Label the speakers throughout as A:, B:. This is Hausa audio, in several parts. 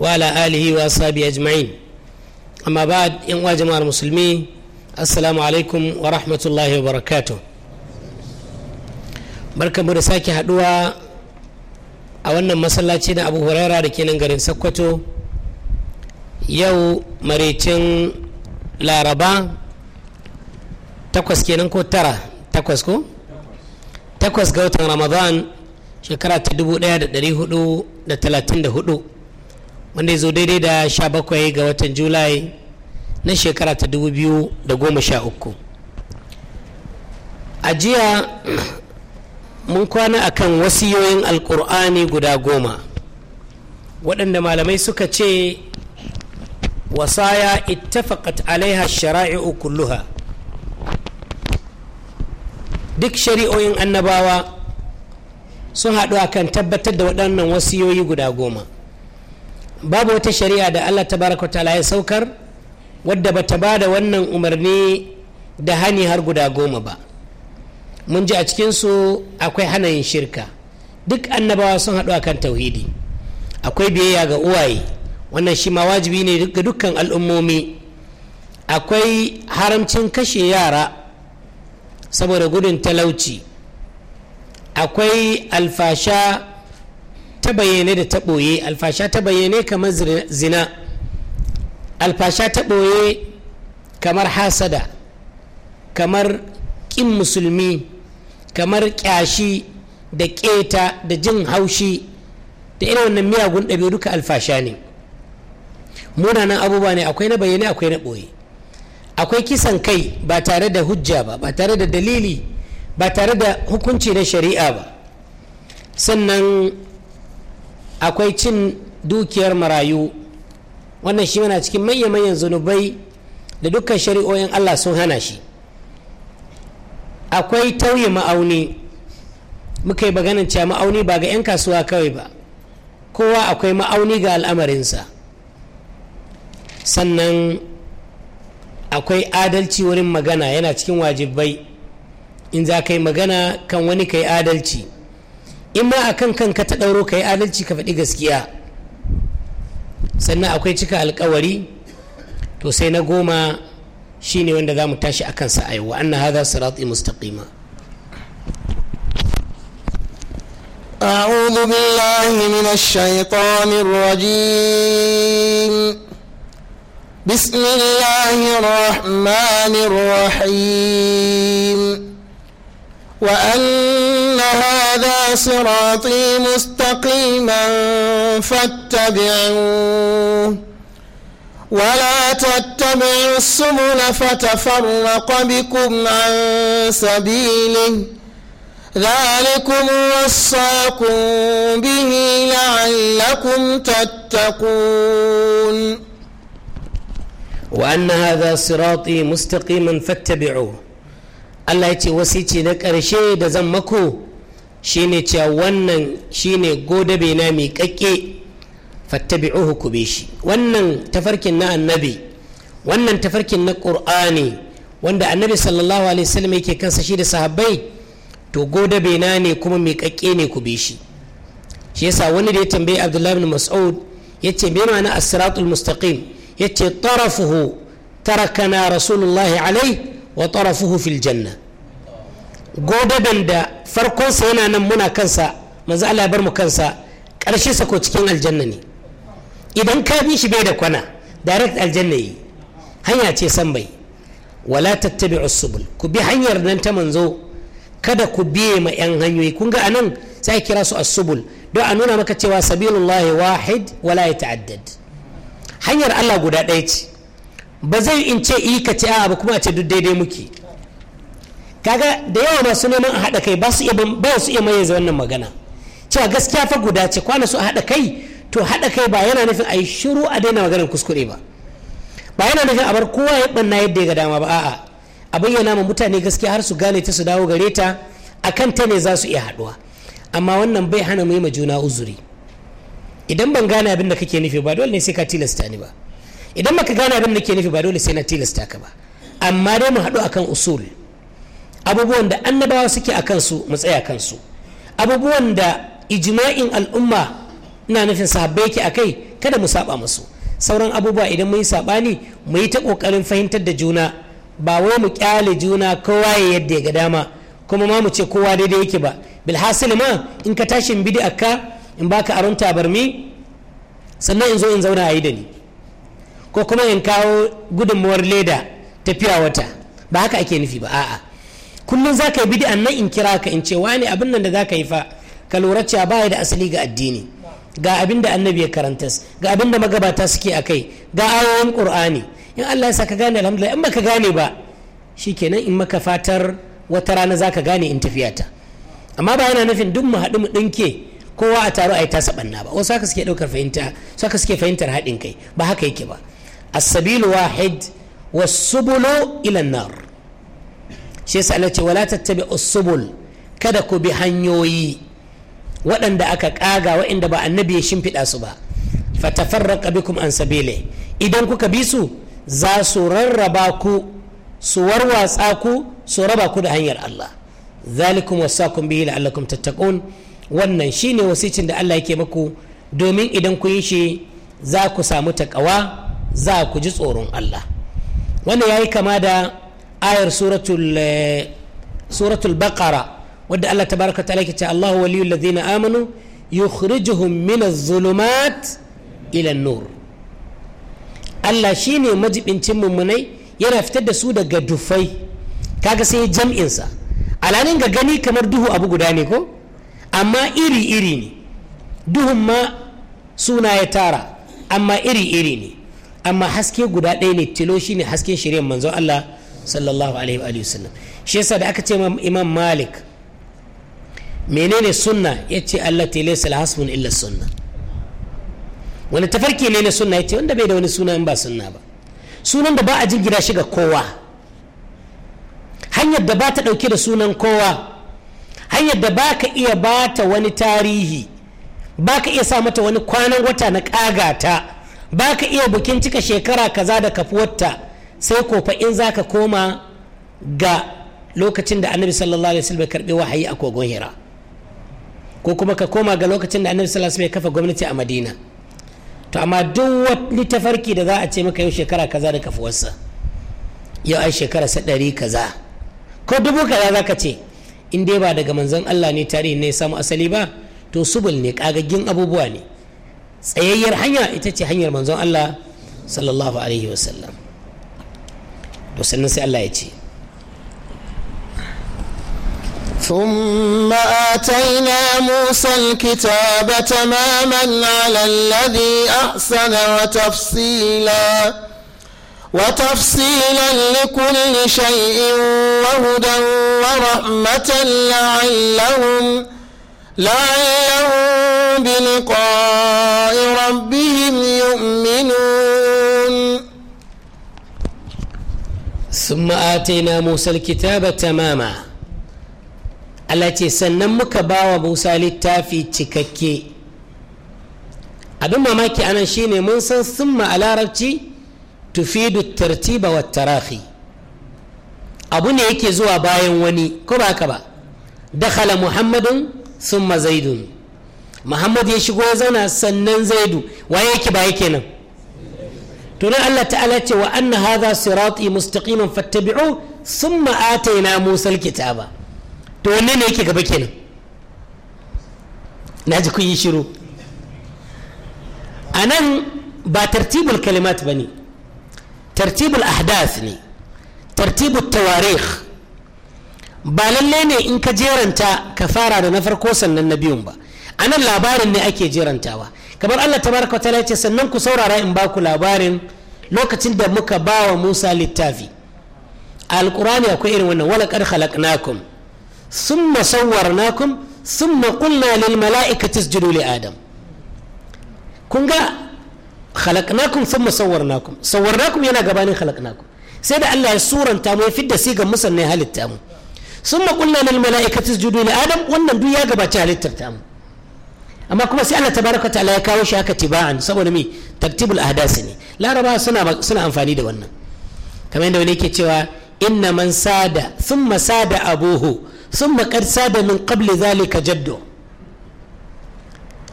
A: وعلى آله وأصحابه أجمعين أما بعد ينوى جماعة المسلمين السلام عليكم ورحمة الله وبركاته barka mu da sake haduwa a wannan masallaci na abu huraira da ke nan garin sokoto yau maraicin laraba takwas kenan ko tara takwas ko takwas ga watan ramadan shekara ta 1434 wanda ya zo daidai da sha 17 ga watan julai na shekara ta 2013 a jiya mun kwana akan wasiyoyin alkur'ani guda goma waɗanda malamai suka ce wasaya ittafaqat alaiha shara'i'u kulluha duk shari'o'in annabawa sun haɗu akan tabbatar da waɗannan wasiyoyi guda goma babu wata shari'a da Allah ta baraka ta ya saukar wadda ba ta bada wannan umarni da hani har guda goma ba mun ji a cikinsu akwai hanayin shirka duk annabawa sun haɗu kan tauhidi akwai biyayya ga uwaye wannan shi ma wajibi ne ga dukkan al'ummomi akwai haramcin kashe yara saboda gudun talauci akwai alfasha ta bayyane da ta ɓoye alfasha ta bayyane kamar zina alfasha ta ɓoye kamar hasada kamar ƙin musulmi kamar ƙyashi da ƙeta da jin haushi da irin wannan miyagun ɗabi'u duka alfasha ne munanan abubuwa ne akwai na bayyane akwai na ɓoye akwai kisan kai ba tare da hujja ba ba tare da dalili ba tare da hukunci na shari'a ba sannan akwai cin dukiyar marayu wannan shi yana cikin manya manyan zunubai da dukkan shari'o'in Allah sun hana shi akwai tauye ma'auni muka yi baganin cewa ma'auni ba ga 'yan kasuwa kawai ba kowa akwai ma'auni ga al'amarinsa sannan akwai adalci wurin magana yana cikin wajibai in za ka yi magana kan wani ka yi adalci in ma akan kanka ta ɗauro ka yi adalci ka faɗi gaskiya sannan akwai cika alkawari to sai na goma shi ne wanda za mu tashi a kansa a yau wa haza sirati mustaqima أعوذ بالله من الشيطان الرجيم
B: بسم الله الرحمن الرحيم وأن هذا صراطي مستقيما فاتبعوه ولا تتبعوا السبل فتفرق بكم عن سبيله ذلكم وصاكم به لعلكم تتقون
A: وأن هذا صراطي مستقيما فاتبعوه Allah ya ce wasici na ƙarshe da zan mako shine cewa wannan shine godabe na mai kakke fattabi'uhu ku shi wannan tafarkin na annabi wannan tafarkin na ƙur'ani wanda annabi sallallahu alaihi wasallam yake kansa shi da sahabbai to godabe na ne kuma mai ne ku bishi shi shi yasa wani da ya tambayi Abdullahi bin Mas'ud ce me ma'ana as-siratul mustaqim yace tarafuhu tarakana rasulullahi alaihi wa tarafuhu fil janna godaben da farkonsa yana nan muna kansa manzo Allah bar mu kansa karshe sa ko cikin aljanna ne idan ka bi shi bai da kwana direct aljanna yi hanya ce san bai wala tattabi'us subul ku bi hanyar nan ta manzo kada ku biye ma yan hanyoyi kun ga anan sai kira su as-subul don a nuna maka cewa sabilullahi wahid wala yata'addad hanyar Allah guda ɗaya ce ba zai in ce yi ka ce ba kuma a ce duk daidai muke kaga da yawa masu neman a haɗa kai ba su iya maye wannan magana cewa gaskiya fa guda ce kwana su a haɗa kai to haɗa kai ba yana nufin a yi shiru a daina maganar kuskure ba ba yana nufin a bar kowa ya ɓanna yadda ya ga dama ba a'a a bayyana ma mutane gaskiya har su gane ta su dawo gare ta a kan ta ne za su iya haɗuwa amma wannan bai hana mu yi ma juna uzuri idan ban gane abin da kake nufi ba dole ne sai ka tilasta ni ba idan baka gane abin da ke nufi ba dole sai na tilasta ka ba amma dai mu haɗu akan usul abubuwan da annabawa suke a kansu mu tsaya kansu abubuwan da ijma'in al'umma ina nufin sahabbai ke kai kada mu saba musu sauran abubuwa idan mun yi sabani mu yi ta kokarin fahimtar da juna ba wai mu kyale juna kowa ya yadda ya ga dama kuma ma mu ce kowa daidai yake ba bilhassil ma in ka tashin bidi ka in baka aron tabarmi sannan in zo in zauna a yi da ni ko kuma in kawo gudunmawar leda tafiya wata ba haka ake nufi ba a'a kullum za ka yi bid'an nan in kira ka in ce wani abin nan da za ka yi fa ka lura cewa ba da asali ga addini ga abin da annabi ya karanta ga abin da magabata suke a kai ga ayoyin qur'ani in Allah ya sa ka gane alhamdulillah in baka gane ba shi shikenan in maka fatar wata rana za ka gane in tafiya ta amma ba yana nufin duk mu haɗu mu ɗinke kowa a taro a yi tasa ɓanna ba wasu haka suke ɗaukar fahimta su haka suke fahimtar haɗin kai ba haka yake ba as-sabil wahid was-subulu ila an-nar shi yasa Allah ce wala tattabi'us subul kada ku bi hanyoyi waɗanda aka ƙaga waɗanda ba annabi ya shimfiɗa su ba fatafarraqa bikum an sabile idan kuka bi su za su rarraba ku su warwatsa ku su raba ku da hanyar Allah zalikum wasakum bihi la'allakum tattaqun wannan shine wasicin da Allah yake muku domin idan ku yi shi za ku samu takawa za ku ji tsoron Allah wannan yi kama da ayar suratul bakara eh, baqara wadda Allah ta ta'ala ke ce Allahu waliyul ladina amanu yukhrijuhum min adh-dhulumat ila nur Allah shi ne majibincin mummunai yana fitar da su daga dufai kaga sai jam'in sa alanin ga gani kamar duhu abu guda ne ko amma iri iri ne duhun ma suna ya tara amma iri iri ne amma haske guda ɗaya ne tilo shine hasken shari'ar manzon Allah sallallahu alaihi wa sallam shi yasa da aka ce imam malik menene sunna ya ce Allah ta laysa hasbun illa sunna wani tafarki ne na sunna ya ce wanda bai da wani suna in ba sunna ba sunan da ba a jingira shi ga kowa hanyar da ba ta ɗauke da sunan kowa hanyar da ba ka iya ba ta wani tarihi ba ka iya sa mata wani kwanan wata na ƙagata ba ka iya bukin cika shekara kaza da kafuwarta sai ko in za ka koma ga lokacin da annabi sallallahu alaihi wasallam karbe wahayi a kogon hira ko kuma ka koma ga lokacin da annabi sallallahu alaihi wasallam kafa gwamnati a madina to amma duk wani tafarki da za a ce maka yau shekara kaza da kafuwarsa yau ai shekara sa ɗari kaza ko dubu kaza za ka ce in dai ba daga manzon Allah ne tarihi ne samu asali ba to subul ne kagaggin abubuwa ne tsayayyar hanya ita ce hanyar manzon Allah sallallahu alaihi wasallam to sannan sai Allah ya ce ثم آتينا موسى
B: الكتاب تماما على الذي أحسن وتفصيلا وتفصيلا لكل شيء وهدى ورحمة لعلهم لعلهم بلقاء ربهم يؤمنون
A: ثم آتينا موسى الكتاب تماما التي سنمك باوى موسى للتافي تككي abin mamaki anan shine mun san summa a larabci tufidu tartiba wa tarahi abu ne yake zuwa bayan wani ko ba ka ba dakhala muhammadun summa zaidun muhammad ya shigo ya zauna sannan zaidu waye yake ba yake nan to Allah ta'ala ce wa anna hadha sirati mustaqiman fattabi'u summa ataina musa alkitaba to wanne ne yake gaba kenan na ji kun yi shiru a nan ba tartibul kalimat ba tartibul ahdath ne tartibul tawarikh ba lalle ne in ka jeranta ka fara da na farko sannan na biyun ba a nan labarin ne ake jerantawa kamar Allah tabaraka ta ce sannan ku saurara in baku labarin lokacin da muka ba wa Musa littafi a alkurani akwai irin wannan wala qad khalaqnakum thumma sawwarnakum thumma qulna lil mala'ikati isjudu li adam kun ga khalaqnakum thumma sawwarnakum sawwarnakum yana gabanin khalaqnakum sai da Allah ya suranta mu ya fidda sigan ne halitta mu summa qulna lil mala'ikati isjudu li adam wannan duk ya gabaci halittar ta mu amma kuma sai Allah tabaraka ta'ala ya kawo shi haka tiba'an saboda me tartibul ahdasi ne laraba suna suna amfani da wannan kamar yadda wani yake cewa inna man sada thumma sada abuhu thumma qad sada min qabli zalika jaddu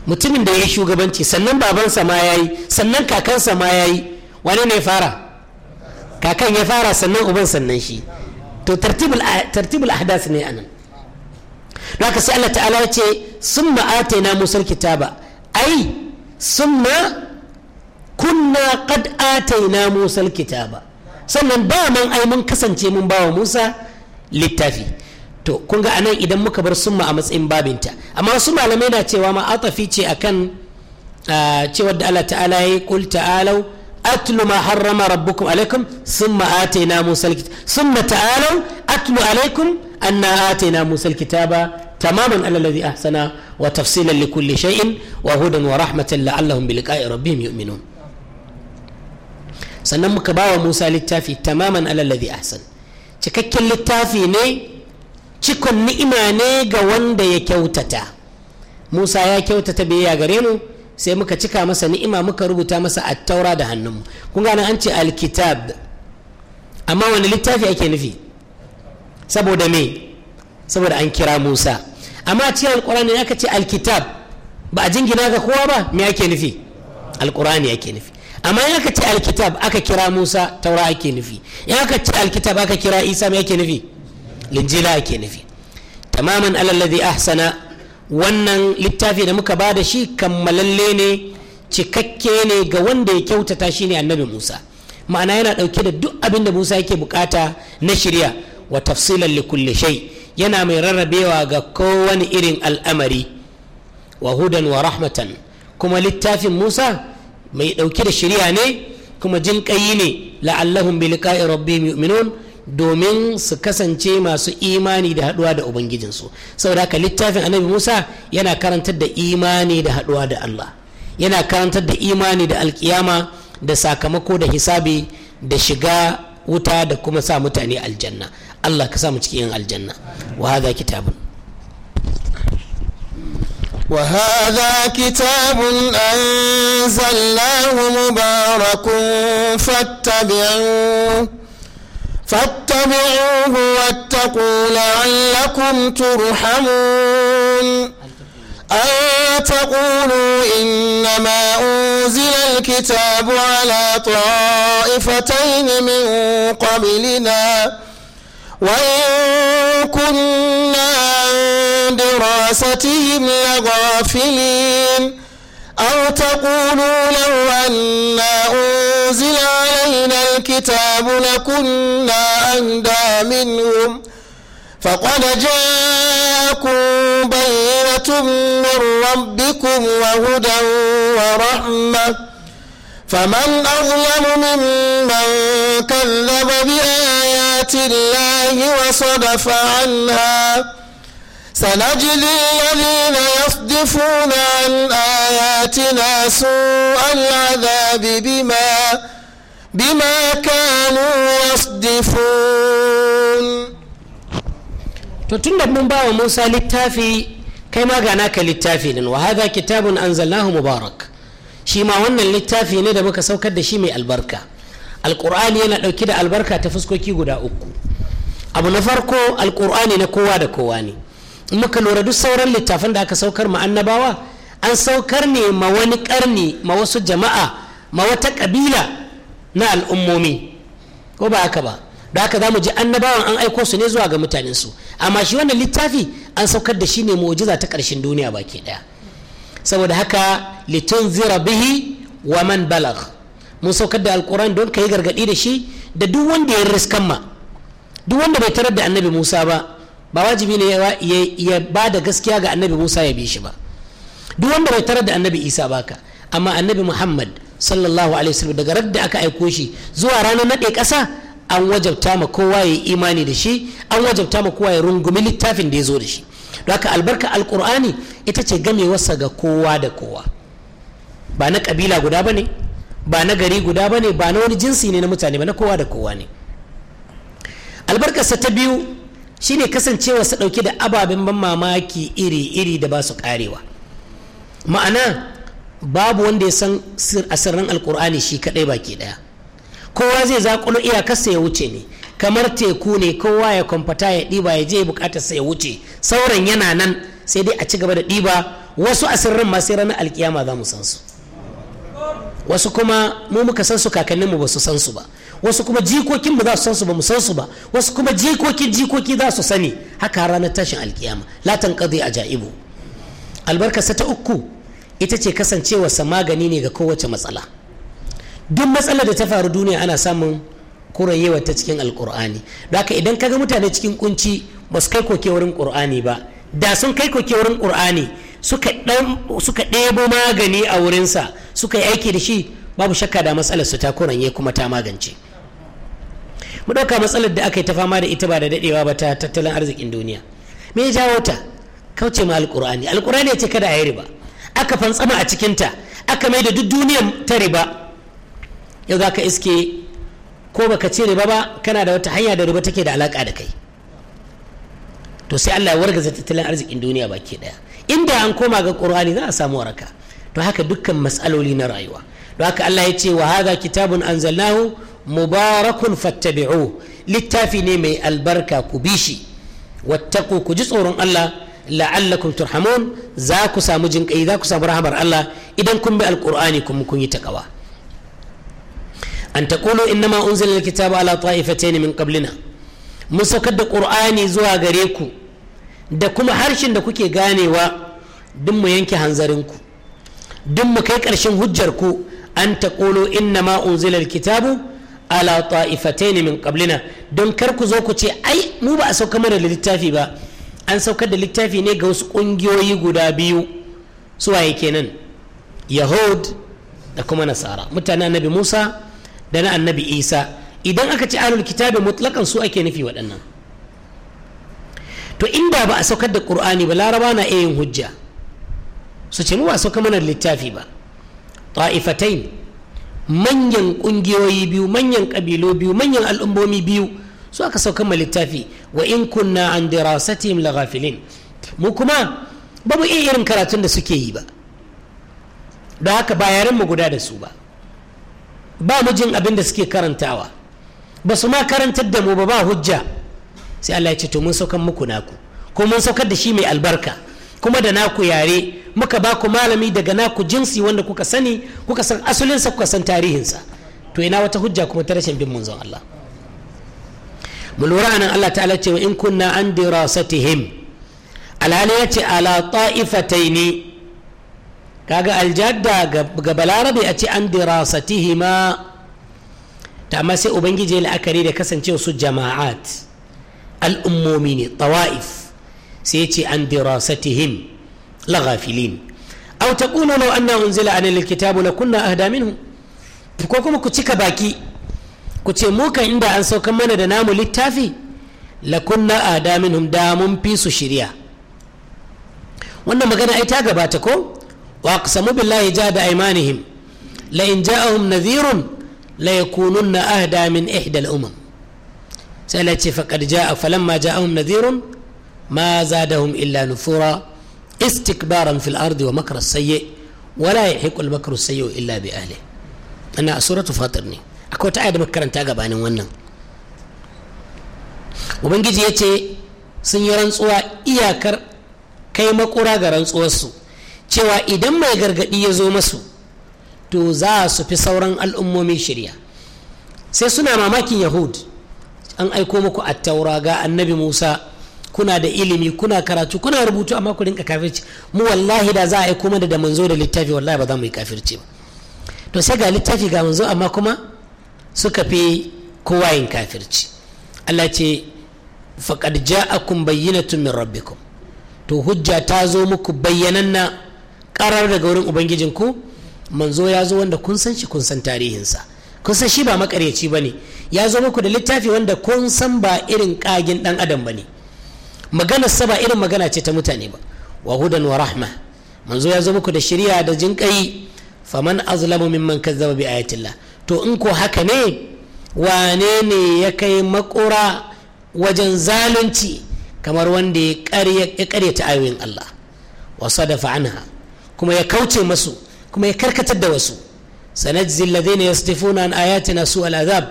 A: mutumin da ya shugabanci sannan babansa ma yayi sannan kakansa ma yayi wane ne ya fara kakan ya fara sannan uban sannan shi to tartibul ahdas ne anan don haka sai Allah ta'ala ya ce sun ma'ata na musar kitaba ai sun kunna qad ataina musar kitaba sannan ba man ai mun kasance mun bawa musa littafi to kun ga anan idan muka bar summa a matsayin babinta amma wasu malamai na cewa ma atafi ce akan ah, cewar da Allah ta'ala ya yi qul ta'alau atlu ma harrama rabbukum alaikum summa atayna musa alkitab summa ta'alu atlu alaikum anna atayna musa alkitaba tamaman ala alladhi ahsana wa tafsiran li kulli shay'in wa hudan wa rahmatan sannan muka bawa musa littafi tamaman ala ahsan cikakken littafi ne cikon ni'ima ne ga wanda ya kyautata musa ya kyautata biyayya gare mu sai muka cika masa ni'ima muka rubuta masa attaura da hannunmu kun gane an ce alkitab amma wani littafi ake nufi saboda me saboda an kira musa amma a cikin alkurani aka ce alkitab ba a jingina ga kowa ba me ake nufi alkurani ake nufi amma in aka ce alkitab aka kira musa taura ake nufi in aka ce alkitab aka kira isa me ake nufi linjila ake nufi tamaman alalladhi ahsana wannan littafi da muka ba da shi kammalalle ne cikakke ne ga wanda ya kyautata shi ne annabi musa ma'ana yana ɗauke da duk abin da musa yake bukata na shirya wa tafsilan likulli shai yana mai rarrabewa ga kowane irin al'amari wa hudan wa rahmatan kuma littafin musa mai ɗauke da shirya ne kuma jin ƙayi ne la'allahum bi liqa'i rabbihim yu'minun domin su kasance masu imani da haɗuwa da ubangijinsu saboda haka littafin annabi musa yana karantar da imani da haɗuwa da allah yana karantar da imani da alkiyama da sakamako da hisabi da shiga wuta da kuma sa mutane aljanna allah ka samu cikin aljanna wa kitabun وهذا كتاب أنزلناه مبارك
B: فاتبعوه فاتبعوه واتقوا لعلكم ترحمون أن تقولوا إنما أنزل الكتاب على طائفتين من قبلنا وإن كنا عن دراستهم لغافلين تقولوا لو أنا أنزل علينا الكتاب لكنا أندى منهم فقد جاءكم بينة من ربكم وهدى ورحمة فمن أظلم ممن كذب بآيات الله وصدف عنها سنجزي الذين يصدفون عن آياتنا سوء العذاب بما
A: بما كانوا يصدفون to tunda mun ba wa Musa littafi kai ma ka littafi nan wa hadha kitabun anzalnahu mubarak shi ma wannan littafi ne da muka saukar da shi mai albarka alƙur'ani yana dauki da albarka ta fuskoki guda uku abu na farko alƙur'ani na kowa da kowa ne in muka lura duk sauran littafin da aka saukar ma annabawa an saukar ne ma wani karni ma wasu jama'a ma wata kabila na al'ummomi ko ba haka ba da haka za mu ji annabawan an aiko su ne zuwa ga mutanensu amma shi wannan littafi an saukar da shi ne mu'jiza ta ƙarshen duniya baki ɗaya saboda haka litun zira bihi wa man balagh mun saukar da alkuran don ka yi gargaɗi da shi da duk wanda ya riskan ma duk wanda bai tarar da annabi musa ba ba wajibi ne ya ba da gaskiya ga annabi musa ya bi shi ba duk wanda bai tarar da annabi isa baka amma annabi muhammad sallallahu alaihi wasallam daga radda aka aiko shi zuwa ranar nade kasa an wajabta ma kowa ya imani da shi an wajabta ma kowa ya rungumi littafin da ya zo da shi don haka albarka alkur'ani ita ce gamewarsa ga kowa da kowa ba na kabila guda ba ne ba na gari guda ba ne ba na wani jinsi ne na mutane ba na kowa da kowa ne albarkarsa ta biyu shine kasancewa su ɗauke da ababen ban mamaki iri-iri da ba su karewa ma'ana babu wanda ya san asirran alkur'ani shi kaɗai baki ɗaya kowa zai zaƙulo iyakarsa ya wuce ne kamar teku ne kowa ya kwamfata ya ɗiba ya je sa ya wuce sauran yana nan sai dai a ci gaba da ɗiba wasu asirran ma sai ranar alkiyama za mu san su wasu kuma mu muka san su kakanninmu ba su san su ba wasu kuma jikokin ba za su san su ba mu san su ba wasu kuma jikokin jikoki za su sani haka ranar tashin alkiyama la tanqadi ajaibu albarkarsa ta uku ita ce kasancewarsa magani ne ga kowace matsala duk matsalar da ta faru duniya ana samun kurayewa ta cikin alkur'ani da haka idan kaga mutane cikin kunci ba su kai koke wurin qur'ani ba da sun kai koke wurin qur'ani suka ɗebo magani a wurinsa suka yi aiki da shi babu shakka da matsalar su ta kuranye kuma ta magance mu ɗauka matsalar da aka yi ta fama da ita ba da daɗewa ba ta tattalin arzikin duniya me ya jawo ta kauce ma alƙur'ani alƙur'ani ya ce kada a yi riba aka fantsama a cikinta aka mai da duk duniyan ta riba yau za ka iske ko baka ce riba ba kana da wata hanya da riba take da alaƙa da kai to sai Allah ya wargaza tattalin arzikin duniya baki ɗaya inda an koma ga ƙur'ani za a samu waraka to haka dukkan matsaloli na rayuwa don haka Allah ya ce wa hadha kitabun anzalnahu mubarakun fattabi'u littafi ne mai albarka ku bi shi ku ji tsoron Allah la'allakum turhamun za ku samu jinkai za ku samu rahamar Allah idan kun bi alqur'ani kuma kun yi takawa an taqulu innama unzila alkitabu ala ta'ifatayn min qablina mun saukar da qur'ani zuwa gare ku da kuma harshen da kuke ganewa duk mu yanke hanzarinku duk mu kai ƙarshen hujjarku an taqulu inna ma unzila kitabu ala ne min ƙablina don kar ku zo ku ce ai mu ba a sauka mana da littafi ba an saukar da littafi ne ga wasu ƙungiyoyi guda biyu su waye kenan yahud da kuma nasara mutanen annabi musa da na annabi isa idan aka ci alul kitabi mutlakan su ake nufi waɗannan to inda ba a saukar da ƙur'ani ba laraba na iya yin hujja su ce mu ba a sauka mana littafi ba ta'ifatain manyan ƙungiyoyi biyu manyan ƙabilo biyu manyan al'ummomi biyu su aka sauka ma littafi wa in kunna an dirasatihim ghafilin mu kuma ba mu iya irin karatun da suke yi ba da haka ba yaren mu guda da su ba ba mu jin abin da suke karantawa ba su ma karantar da mu ba ba hujja sai Allah ya ce to mun saukar muku naku ko mun saukar da shi mai albarka kuma da naku yare muka ba ku malami daga naku jinsi wanda kuka sani kuka san asulinsa kuka san tarihinsa to ina wata hujja kuma ta rashin bin munzon Allah mu lura anan Allah ta'ala ce wa in kunna an dirasatihim alhali ya ce ala ta'ifataini kaga aljadda ga balarabe a ce an dirasatihima ta amma sai ubangiji la'akari da kasancewa su jama'at al'ummomi ne tawa'if sai ce an dirasatihim laghafilin aw taqulu law anna unzila alayna kunna a ahda minhu ko kuma ku cika baki ku ce mu kan inda an saukan mana da namu littafi lakunna ahda minhum da mun fi su shirya wannan magana ai ta gabata ko wa aqsamu billahi jada aymanihim la in ja'ahum nadhirun la yakununna ahda min ihda al-umam sai la ce faqad ja'a falamma ja'ahum nadhirun ma zadahum illa nufura istikbaran fil ardi wa makar sayye wala ya illa bi ahli ana a suratu fatir ne akwai da makaranta gabanin wannan ubangiji ya ce sun yi rantsuwa iyakar kai makura ga rantsuwarsu cewa idan mai gargadi ya zo masu to za su fi sauran al'ummomi shirya sai suna mamakin yahud an aiko muku at-taura ga annabi musa kuna da ilimi kuna karatu kuna rubutu amma ku rinka kafirci mu wallahi da za a yi kuma da manzo da littafi wallahi ba za mu yi kafirci ba to sai ga littafi ga manzo amma kuma suka fi kowa yin kafirci Allah ce faqad ja'akum bayyinatun min rabbikum to hujja ta zo muku bayyananna karar daga wurin ubangijinku manzo ya zo wanda kun san shi kun san tarihinsa kun san shi ba makaryaci bane ya zo muku da littafi wanda kun san ba irin kagin dan adam bane maganar sa ba irin magana ce ta mutane ba wa hudan wa rahma manzo ya zo muku da shirya da jinƙai faman azlamu mimman kazzaba bi ayatillah to in ko haka ne wane ne ya kai makura wajen zalunci kamar wanda ya karyata ayoyin Allah wa sadafa anha kuma ya kauce masu kuma ya karkatar da wasu sanajzi alladhina yasdifuna an ayatina su al'azab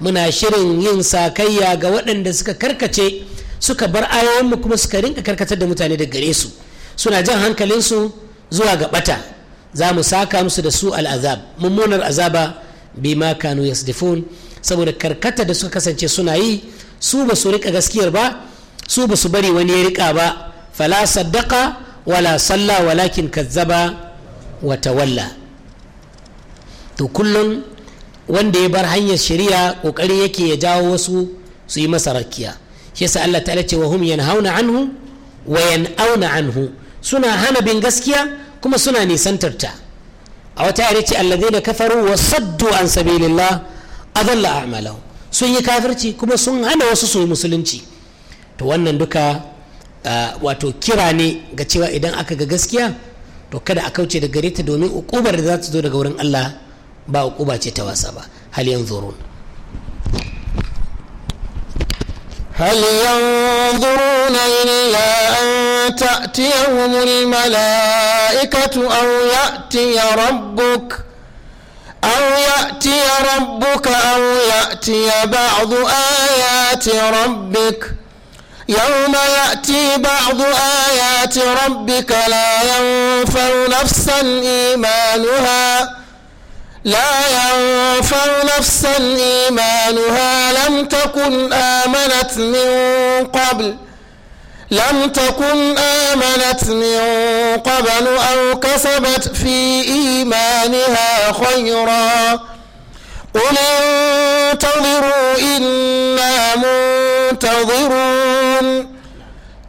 A: muna shirin yin sakayya ga waɗanda suka karkace suka bar ayoyinmu kuma suka rinka karkatar da mutane da gare su suna jan hankalinsu zuwa ga bata za mu saka musu da su al'azab mummunar azaba ma kanu yasdifun saboda karkata da suka kasance suna yi su ba su rika gaskiyar ba su ba su bari wani ya rika ba fala sadaka wala salla walakin kazzaba wa tawalla to kullum wanda ya bar hanyar shari'a kokari yake ya jawo wasu su yi masa rakiya shi yasa Allah ta'ala ce wa hum yanhauna anhu wa yan'auna anhu suna hana bin gaskiya kuma suna nisantar ta a wata yare ce alladhina kafaru wa saddu an sabilillah adalla a'malahum sun yi kafirci kuma sun hana wasu su musulunci to wannan duka wato kira ne ga cewa idan aka ga gaskiya to kada a kauce da gare domin ukubar da za ta zo daga wurin Allah ba ukuba ce ta wasa ba hal yanzurun هل
B: ينظرون إلا أن تأتيهم الملائكة أو يأتي ربك أو يأتي ربك أو يأتي بعض آيات ربك يوم يأتي بعض آيات ربك لا ينفع نفسا إيمانها لا ينفع نفسا إيمانها لم تكن آمنت من قبل لم تكن آمنت من قبل أو كسبت في إيمانها خيرا قل انتظروا إنا منتظرون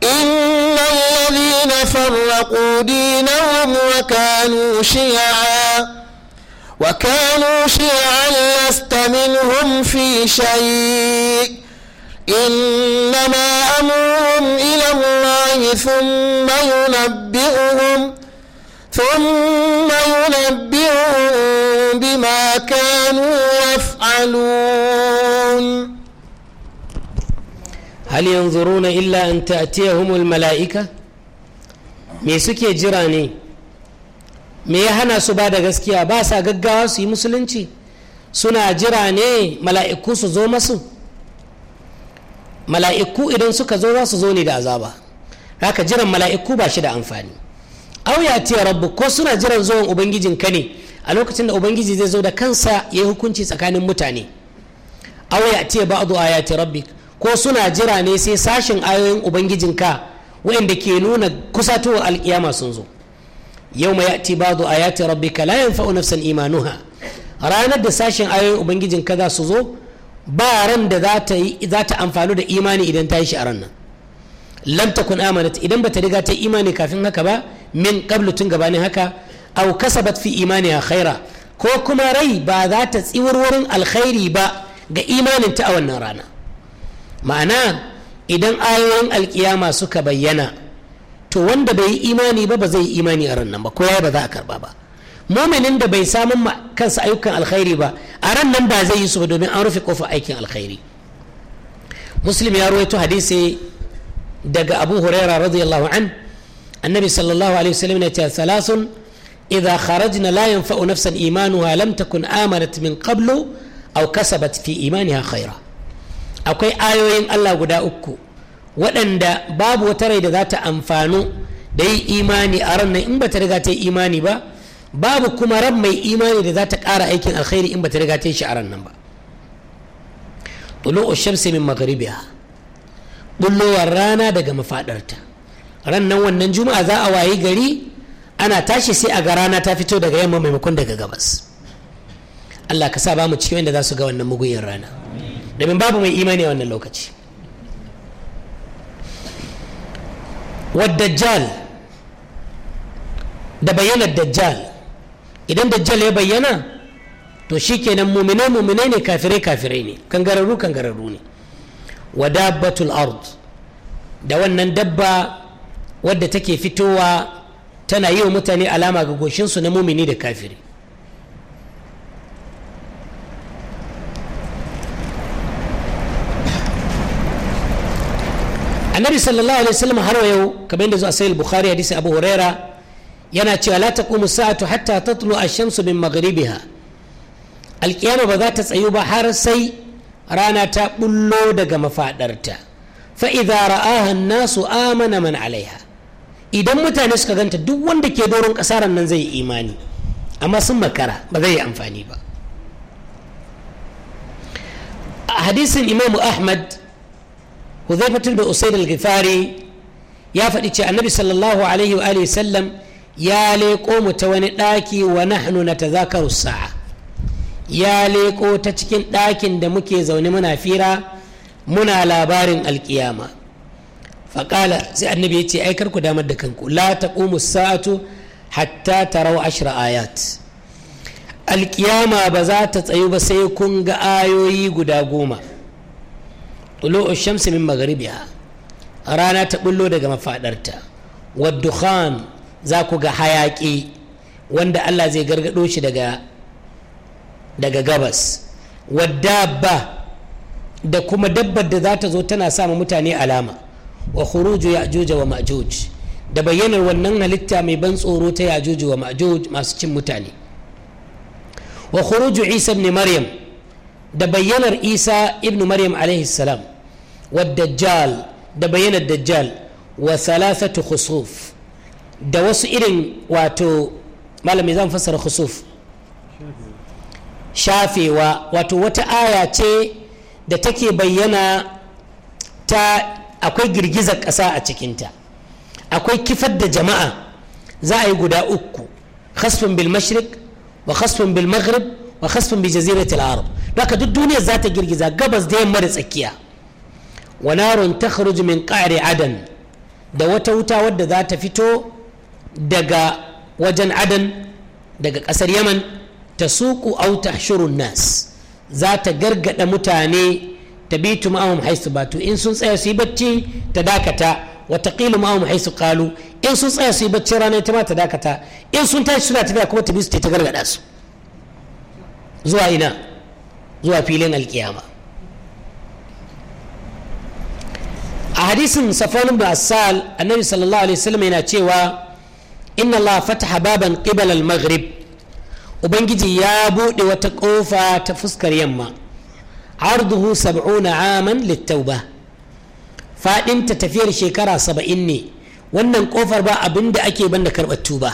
B: إن الذين فرقوا دينهم وكانوا شيعاً وكانوا شيعا لست منهم في شيء إنما أمرهم إلى الله ثم ينبئهم ثم ينبئهم بما كانوا
A: يفعلون هل ينظرون إلا أن تأتيهم الملائكة؟ ميسكي جراني me ya hana su ba da gaskiya ba sa gaggawa su yi musulunci suna jira ne mala'iku su zo masu mala'iku idan suka zo za zo ne da azaba haka jiran mala'iku ba shi da amfani auya ya rabbu ko suna jiran zuwan ubangijin ka ne a lokacin da ubangiji zai zo da kansa ya yi hukunci tsakanin mutane auya tiya ba'du ayati rabbi ko suna jira ne sai sashin ayoyin ubangijin ka waɗanda ke nuna kusatowar alkiyama sun zo ya yawma ya'ti ba'du ayati rabbika la yanfa'u nafsan imanuha ranar da sashen ayoyin ubangijin ka za su zo ba ran da za ta amfani da imani idan ta yi shi a ran nan lam kun amanat idan bata riga ta imani kafin haka ba min kablu tun gabanin haka au kasabat fi a khaira ko kuma rai ba za ta wurin alkhairi ba ga imanin ta a wannan rana ma'ana idan ayoyin alkiyama suka bayyana to wanda bai yi imani ba ba zai yi imani a ran nan ba ko ya ba za a karba ba muminin da bai samun kansa ayyukan alkhairi ba a ran nan ba zai yi su ba domin an rufe kofar aikin alkhairi muslim ya ruwaito hadisi daga abu huraira radiyallahu an annabi sallallahu alaihi wasallam ne ta salasun idza kharajna la yanfa'u nafsan imanuha lam takun amanat min qablu aw kasabat fi imaniha khaira akwai ayoyin Allah guda uku waɗanda babu wata rai da za ta amfanu da yi imani a ran nan in ba ta riga ta yi imani ba babu kuma ran mai imani da za ta ƙara aikin alkhairi in ba ta riga ta yi shi a ran nan ba طلوع الشمس min Magharibiya bullowar rana daga mafadarta nan wannan juma'a za a wayi gari ana tashi sai a ga rana ta fito daga yamma maimakon daga gabas Allah ka sa ba mu cikin wanda za su ga wannan muguyin rana domin babu mai imani a wannan lokaci والدجال da bayyanar dajjal idan dajjal ya bayyana to shikenan muminai muminai ne kafirai kafirai ne kangararru kangararru ne wa dabbatul ard da wannan dabba wadda take fitowa tana yi wa mutane alama ga goshinsu na mumini da kafiri annabi sallallahu alaihi wasallam har yau kamar yadda zuwa sahih bukhari hadisi abu huraira yana cewa la taqumu sa'atu hatta tatlu ash-shamsu min maghribiha alkiyama ba za ta tsayu ba har sai rana ta bullo daga mafadarta fa idza ra'aha an-nasu amana man alaiha idan mutane suka ganta duk wanda ke doron kasaran nan zai yi imani amma sun makara ba zai yi amfani ba a hadisin imamu ahmad huzaifatul bai usaid al-ghifari ya faɗi ce annabi sallallahu alaihi wa alihi sallam ya leƙo mu ta wani ɗaki wa nahnu natazakaru sa'a ya leƙo ta cikin ɗakin da muke zaune muna fira muna labarin alƙiyama faƙala sai annabi ya ce aikar ku damar da kanku la taqumu sa'atu hatta tarau ashra ayat alƙiyama ba za ta tsayu ba sai kun ga ayoyi guda goma طلوع الشمس من مغربها رانا تبلو دغ مفادرتا والدخان ذاكو غا حياكي وند الله زي غرغدو شي دغ دغ غبس والدابه da kuma dabbar da za ta zo tana sa mutane alama wa khuruju ya'juj wa ma'juj da bayyanar wannan halitta mai ban tsoro ta ya'juj wa ma'juj masu cin mutane wa khuruju isa ibn maryam da bayyanar isa ibnu maryam alaihi salam wa dajjal da bayyanar dajjal wa salasatu khusuf da wasu irin wato malami zan fassara khusuf shafewa wato wata aya ce da take bayyana ta akwai girgizar ƙasa a cikinta akwai kifar da jama'a za a yi guda uku khasfin bil mashriq wa khasfin bil maghrib wa khasfin bi jaziratil arab haka duk duniyar za ta girgiza gabas da yamma da tsakiya wa narun takhruju min qa'ri adan da wata wuta wadda za ta fito daga wajen adan daga kasar yaman ta suku au tahshurun nas za ta gargada mutane ta bitu ma'ahum haisu batu in sun tsaya su yi bacci ta dakata wataƙila ma'ahum haisu kalu in sun tsaya su yi bacci rana ta ma ta dakata in sun tashi suna tafiya kuma ta bi su ta gargada su zuwa ina zuwa filin alkiyama a hadisin safanin basal annabi sallallahu alaihi wasallam yana cewa inna Allah fataha baban qibal al-maghrib ubangiji ya bude wata kofa ta fuskar yamma arduhu sab'una aman littauba fadin ta tafiyar shekara saba'in ne wannan kofar ba abin da ake banda karɓar tuba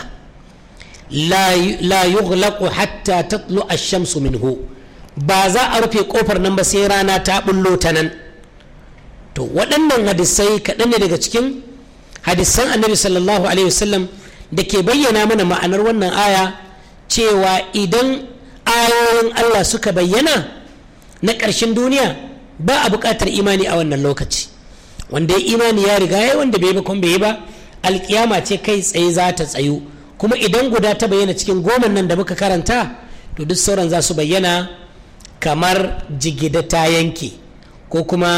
A: la yughlaqu hatta tatlu ash-shamsu minhu ba za a rufe kofar nan ba sai rana ta bullo ta nan to waɗannan hadisai kaɗan ne daga cikin hadisan annabi sallallahu alaihi wasallam da ke bayyana mana ma'anar wannan aya cewa idan ayoyin Allah suka bayyana na ƙarshen duniya ba a buƙatar imani a wannan lokaci wanda ya imani ya riga ya wanda bai ba kuma bai ba alƙiyama ce kai tsaye za ta tsayu kuma idan guda ta bayyana cikin goma nan da muka karanta to duk sauran za su bayyana kamar jigida ta yanke ko kuma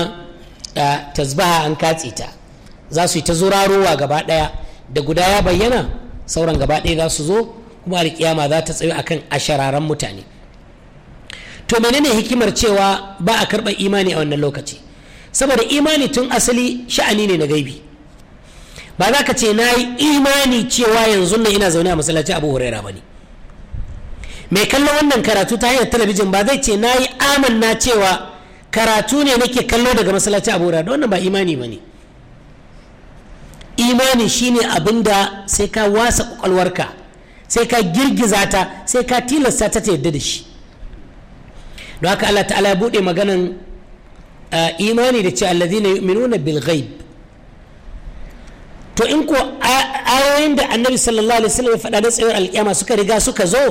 A: tasbaha an katse ta za su yi ta zurarowa gaba ɗaya da guda ya bayyana sauran gaba ɗaya za su zo kuma alkiyama za ta tsayo akan ashararan mutane to menene hikimar cewa ba a karɓar imani a wannan lokaci saboda imani tun asali sha'ani ne na gaibi ba za ka ce na yi imani cewa yanzu nan ina zaune a masallaci abu huraira ba ne mai kallon wannan karatu ta hanyar talabijin ba zai ce na yi amanna cewa karatu ne nake kallo daga masallaci abu huraira wannan ba imani ba ne imani shine abin da sai ka wasa kwakwalwarka sai ka girgiza ta sai ka tilasta ta ta yadda da shi don haka allah ta'ala ya buɗe maganan eh, imani da ce allazina yu'minuna bil ghaib to in ko ayoyin da annabi sallallahu alaihi wasallam ya faɗa na tsayuwar alƙiyama suka riga suka zo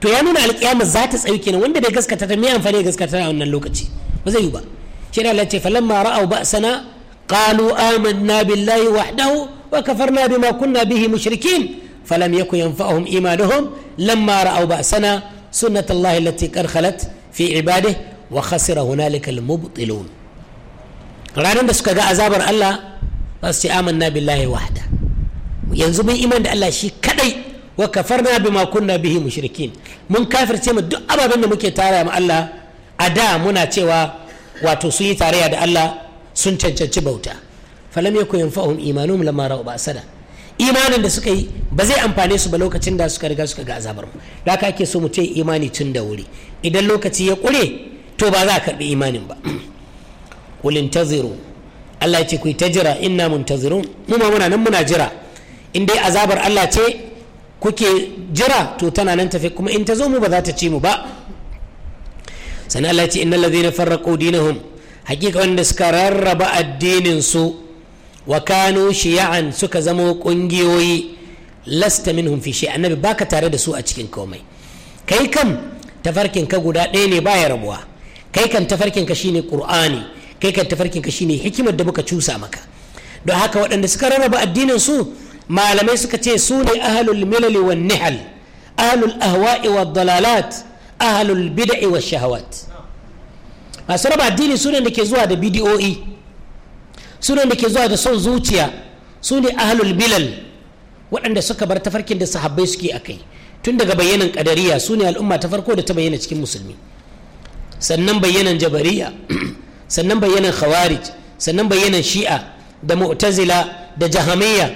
A: to ya nuna alƙiyama za ta kenan wanda bai gaskata ta me amfani ya gaskata a wannan lokaci ba zai yi ba shi ne Allah ce falamma ra'au ba'sana qalu amanna billahi wahdahu wa kafarna bima kunna bihi mushrikin falam yakun yanfa'uhum imanuhum lamma ra'au ba'sana sunnatullahi allati qad khalat fi ibadihi wa khasira hunalika al-mubtilun ranar da suka ga azabar Allah za su ce amanna billahi wahda yanzu mun iman da Allah shi kadai wa kafarna bima kunna bihi mushrikin mun kafirce mu duk ababen da muke tara ma Allah a da muna cewa wato sun yi tarayya da Allah sun cancanci bauta falam yakun yanfa'uhum imanuhum lamma ra'u ba'sana imanin da suka yi ba zai amfane su ba lokacin da suka riga suka ga azabar mu da ake so mu ce imani tun da wuri idan lokaci ya kure to ba za a karbi imanin ba qul intaziru Allah ce ku ta jira ina muntazirun mu ma muna nan muna jira in dai azabar Allah ce kuke jira to tana nan tafi kuma in ta zo mu ba za ta ci mu ba sannan Allah ya ce innal ladhina farraqu dinahum hakika wanda suka rarraba addinin su wa kanu suka zama kungiyoyi lasta minhum fi shay annabi baka tare da su a cikin komai kai kam tafarkin ka guda ɗaya ne baya rabuwa kai kan tafarkin ka shine qur'ani kai kan tafarkin ka shine hikimar da muka cusa maka don haka waɗanda suka rarraba addinin su malamai suka ce su ne ahlul milali wan nihal ahlul ahwa'i wa dalalat ahlul bid'i wa shahawat masu raba addini su ne da ke zuwa da bidiyo'i su ne da ke zuwa da son zuciya su ne ahlul bilal waɗanda suka bar tafarkin da sahabbai suke a kai tun daga bayyanan kadariya su ne al'umma ta farko da ta bayyana cikin musulmi sannan bayyanan jabariya sannan bayyanan khawarij sannan bayyanan shi'a da mu'tazila da jahamiyya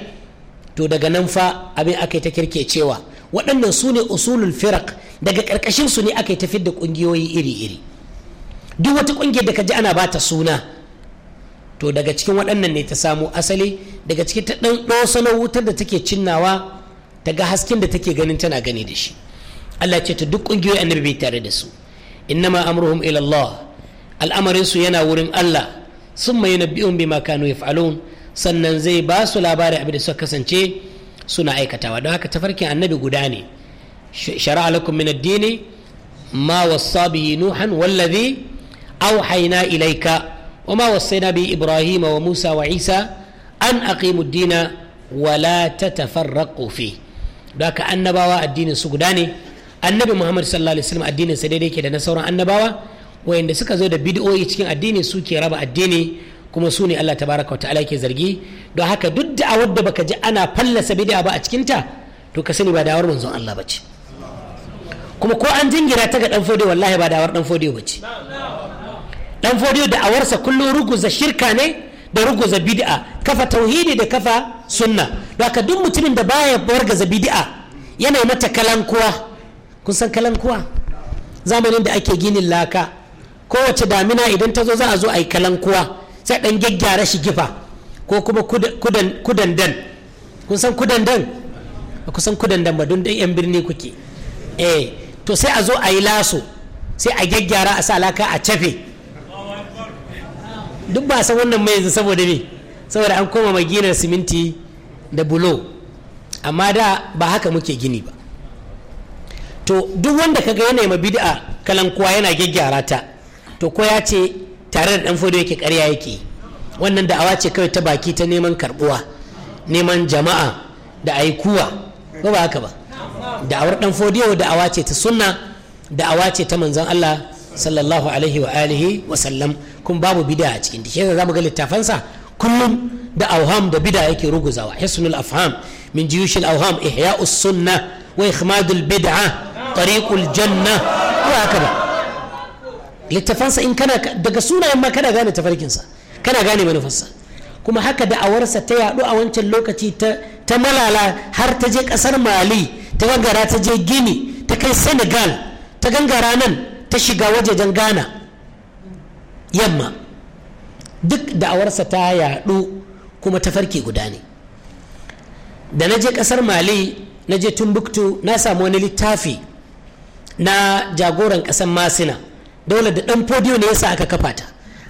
A: to daga nan fa abin aka yi ta kirke cewa waɗannan su ne usulul firaq daga ƙarƙashin su ne aka ta da ƙungiyoyi iri-iri duk wata ƙungiyar da ka ji ana bata suna to daga cikin waɗannan ne ta samo asali daga cikin ta ɗan ɗosanar wutar da take cinnawa ta ga hasken da take ganin tana gani da shi Allah ce ta duk ƙungiyoyi annabi bai tare da su innama amruhum ila Allah al'amarinsu yana wurin Allah sun mai nabi'un bima kanu yaf'alun sannan zai ba su labari abin da suka kasance suna aikatawa don haka tafarkin annabi guda ne shara'a lakum min ad-dini ma wassa bihi nuhan wallazi awhayna ilayka wama wassayna bihi ibrahima wa musa wa isa an aqimu ad-dina wa la tatafarraqu fi don haka annabawa addinin su guda ne annabi muhammad sallallahu alaihi wasallam addinin sa daidai ke da na sauran annabawa wayanda suka zo da bid'o'i cikin addini su ke raba addini kuma su ne Allah tabaraka wa ta'ala ke zargi don haka duk da da baka ji ana fallasa bid'a ba a cikinta to ka sani ba da'awar manzon Allah ba kuma ko an jingira ta ga dan fodi wallahi ba da'awar dan fodiyo ba ce dan fodiyo da'awarsa kullum ruguza shirka ne da ruguza bid'a kafa tauhidi da kafa sunna don haka duk mutumin da baya wargaza bid'a yana mata kalankuwa kun san kalankuwa zamanin da ake ginin laka kowace damina idan ta zo za a zo a yi kalankuwa sai dan gyaggyara shi gifa ko kuma kudandan kun san kudandan ba kusan kudandan ba don yan birni kuke eh to sai a zo a yi laso sai a gyaggyara a sa laka a cafe duk ba san wannan mai yanzu saboda me saboda an koma mai ginar siminti da bulo amma da ba haka muke gini ba to duk wanda kaga yana ma bid'a kalankuwa yana gyaggyara ta to ko ya ce tare da dan fodo yake karya yake wannan da'awa ce kawai ta baki ta neman karbuwa neman jama'a da aikuwa ko ba haka ba da'awar dan fodiyo da'awa ce ta sunna da'awa ce ta manzon Allah sallallahu alaihi wa alihi wa sallam kun babu bid'a a cikin shi za mu ga littafansa kullum da auham da bid'a yake ruguzawa hisnul afham min jiyushil auham ihya'us sunnah wa ikhmadul bid'ah tariqul jannah wa haka ba littafansa in kana daga sunayen ma kana gane tafarkinsa kana gane manufarsa kuma haka da'awarsa ta yaɗu a wancan lokaci ta malala har ta je ƙasar mali ta gangara ta je gini ta kai senegal ta gangara nan ta shiga wajejen ghana yamma duk da'awarsa ta yaɗu kuma tafarki guda ne da na je ƙasar mali na je tumbuktu na samu wani littafi na jagoran ƙasar masina dole da dan fodiyo ne yasa aka kafa ta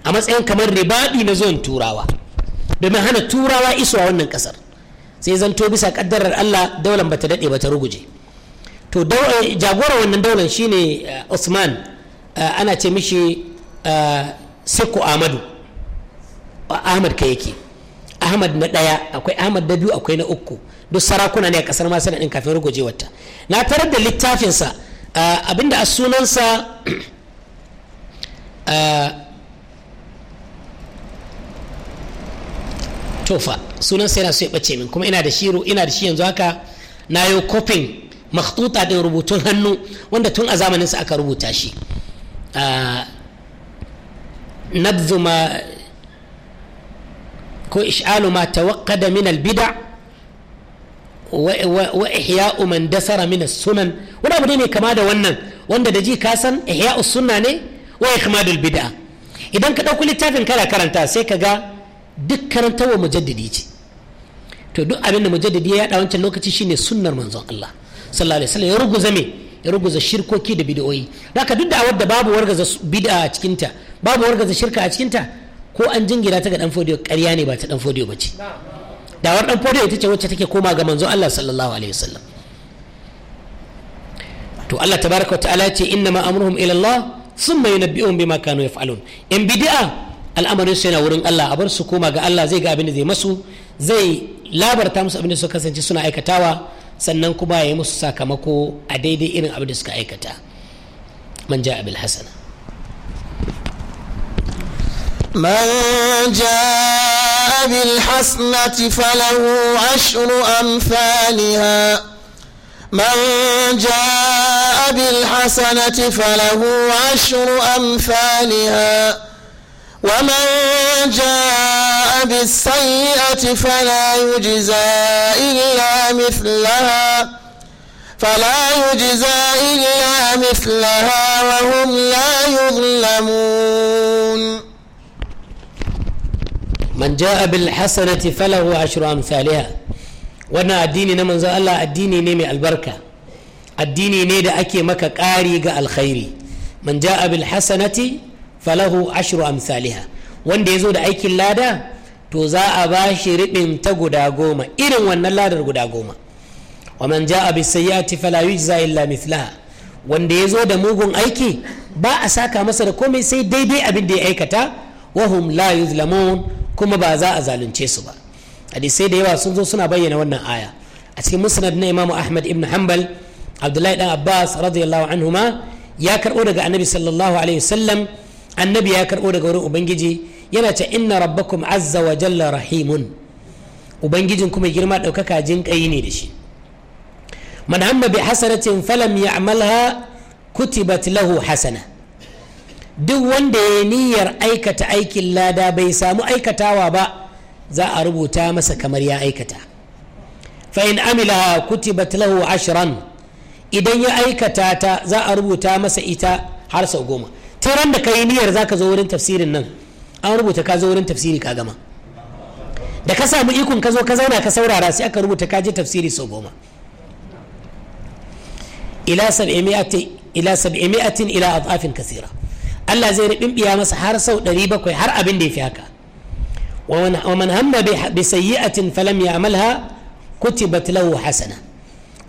A: a matsayin kamar ribadi na zuwan turawa domin hana turawa isuwa wannan kasar sai zanto bisa kaddarar Allah daular bata dade bata ruguje to eh, jagora wannan daular shine eh, Usman eh, ana ce mishi Seko Ahmadu Ahmad ka yake Ahmad na ɗaya akwai Ahmad na biyu akwai na uku duk sarakuna ne a kasar masana din kafin wata na tarar da littafinsa abinda a sunansa tofa sunan sai na so ya bace min kuma ina da shi ina da shi yanzu haka na yi kofin makhtuta din rubutun hannu wanda tun a sa aka rubuta shi ah, nabzu ma ko ish'alu ma tawaqqada min albida wa ihya'u man dasara min sunan wani abu ne kama da wannan wanda da ji ka san ihya'u sunna ne wa ikmadul bid'a idan ka dauki littafin kana karanta sai ka ga duk wa mujaddidi ce to duk abin da mujaddidi ya yada wancan lokaci shine sunnar manzon Allah sallallahu alaihi wasallam ya ruguza me ya ruguza shirkoki da bid'o'i haka duk da wadda babu wargaza bid'a a cikinta babu wargaza shirka a cikinta ko an jingira ta ga dan fodiyo ƙarya ne ba ta dan fodiyo bace dawar dan fodiyo ita ce wacce take koma ga manzon Allah sallallahu alaihi wasallam to Allah tabaaraka wa ta'ala ya ce inna ma amruhum ila Allah sun mai nabi'un bima kanu fa'alun in bidi'a al'amarin su yana wurin Allah a bar su koma ga Allah zai ga abin da zai masu zai labarta musu abin da suka kasance suna aikatawa sannan kuma ya yi musu sakamako a daidai irin abin da suka aikata man ja'a bil man
B: من جاء بالحسنة فله عشر أمثالها من جاء بالحسنة فله عشر أمثالها ومن جاء بالسيئة فلا يجزى إلا مثلها فلا يجزى إلا مثلها وهم لا
A: يظلمون من جاء بالحسنة فله عشر أمثالها wannan addini na manzon Allah addini ne mai albarka addini ne da ake maka ƙari ga alkhairi man ja'a bil hasanati falahu ashru amsalha wanda yazo da aikin lada to za a ba shi ribin ta guda goma irin wannan ladar guda goma wa man ja'a bis sayyati fala yujza illa mithlaha wanda yazo da mugun aiki ba a saka masa da komai sai daidai abin da ya aikata wahum la yuzlamun kuma ba za a zalunce su ba hadisai da yawa sun zo suna bayyana wannan aya a cikin musnad na imamu ahmad ibn hanbal abdullahi dan abbas radiyallahu ma ya karbo daga annabi sallallahu alaihi wasallam annabi ya karbo daga wurin ubangiji yana ce inna rabbakum azza wa jalla rahimun ubangijin kuma girma daukaka jin kai ne da shi man amma bi hasanatin falam ya'malha kutibat lahu hasana duk wanda ya niyyar aikata aikin lada bai samu aikatawa ba za a rubuta masa kamar ya aikata fa in amila kutibat lahu ashran idan ya aikata ta za a rubuta masa ita har sau goma ta ran da kai niyyar zaka zo wurin tafsirin nan an rubuta ka zo wurin tafsiri ka gama da ka samu ikon ka zo ka zauna ka saurara sai aka rubuta ka je tafsiri sau goma ila sab'imi'ati ila sab'imi'atin ila adafin kasira Allah zai biya masa har sau 700 har abin da ya fi haka ومن هم بسيئة فلم يعملها كتبت له حسنة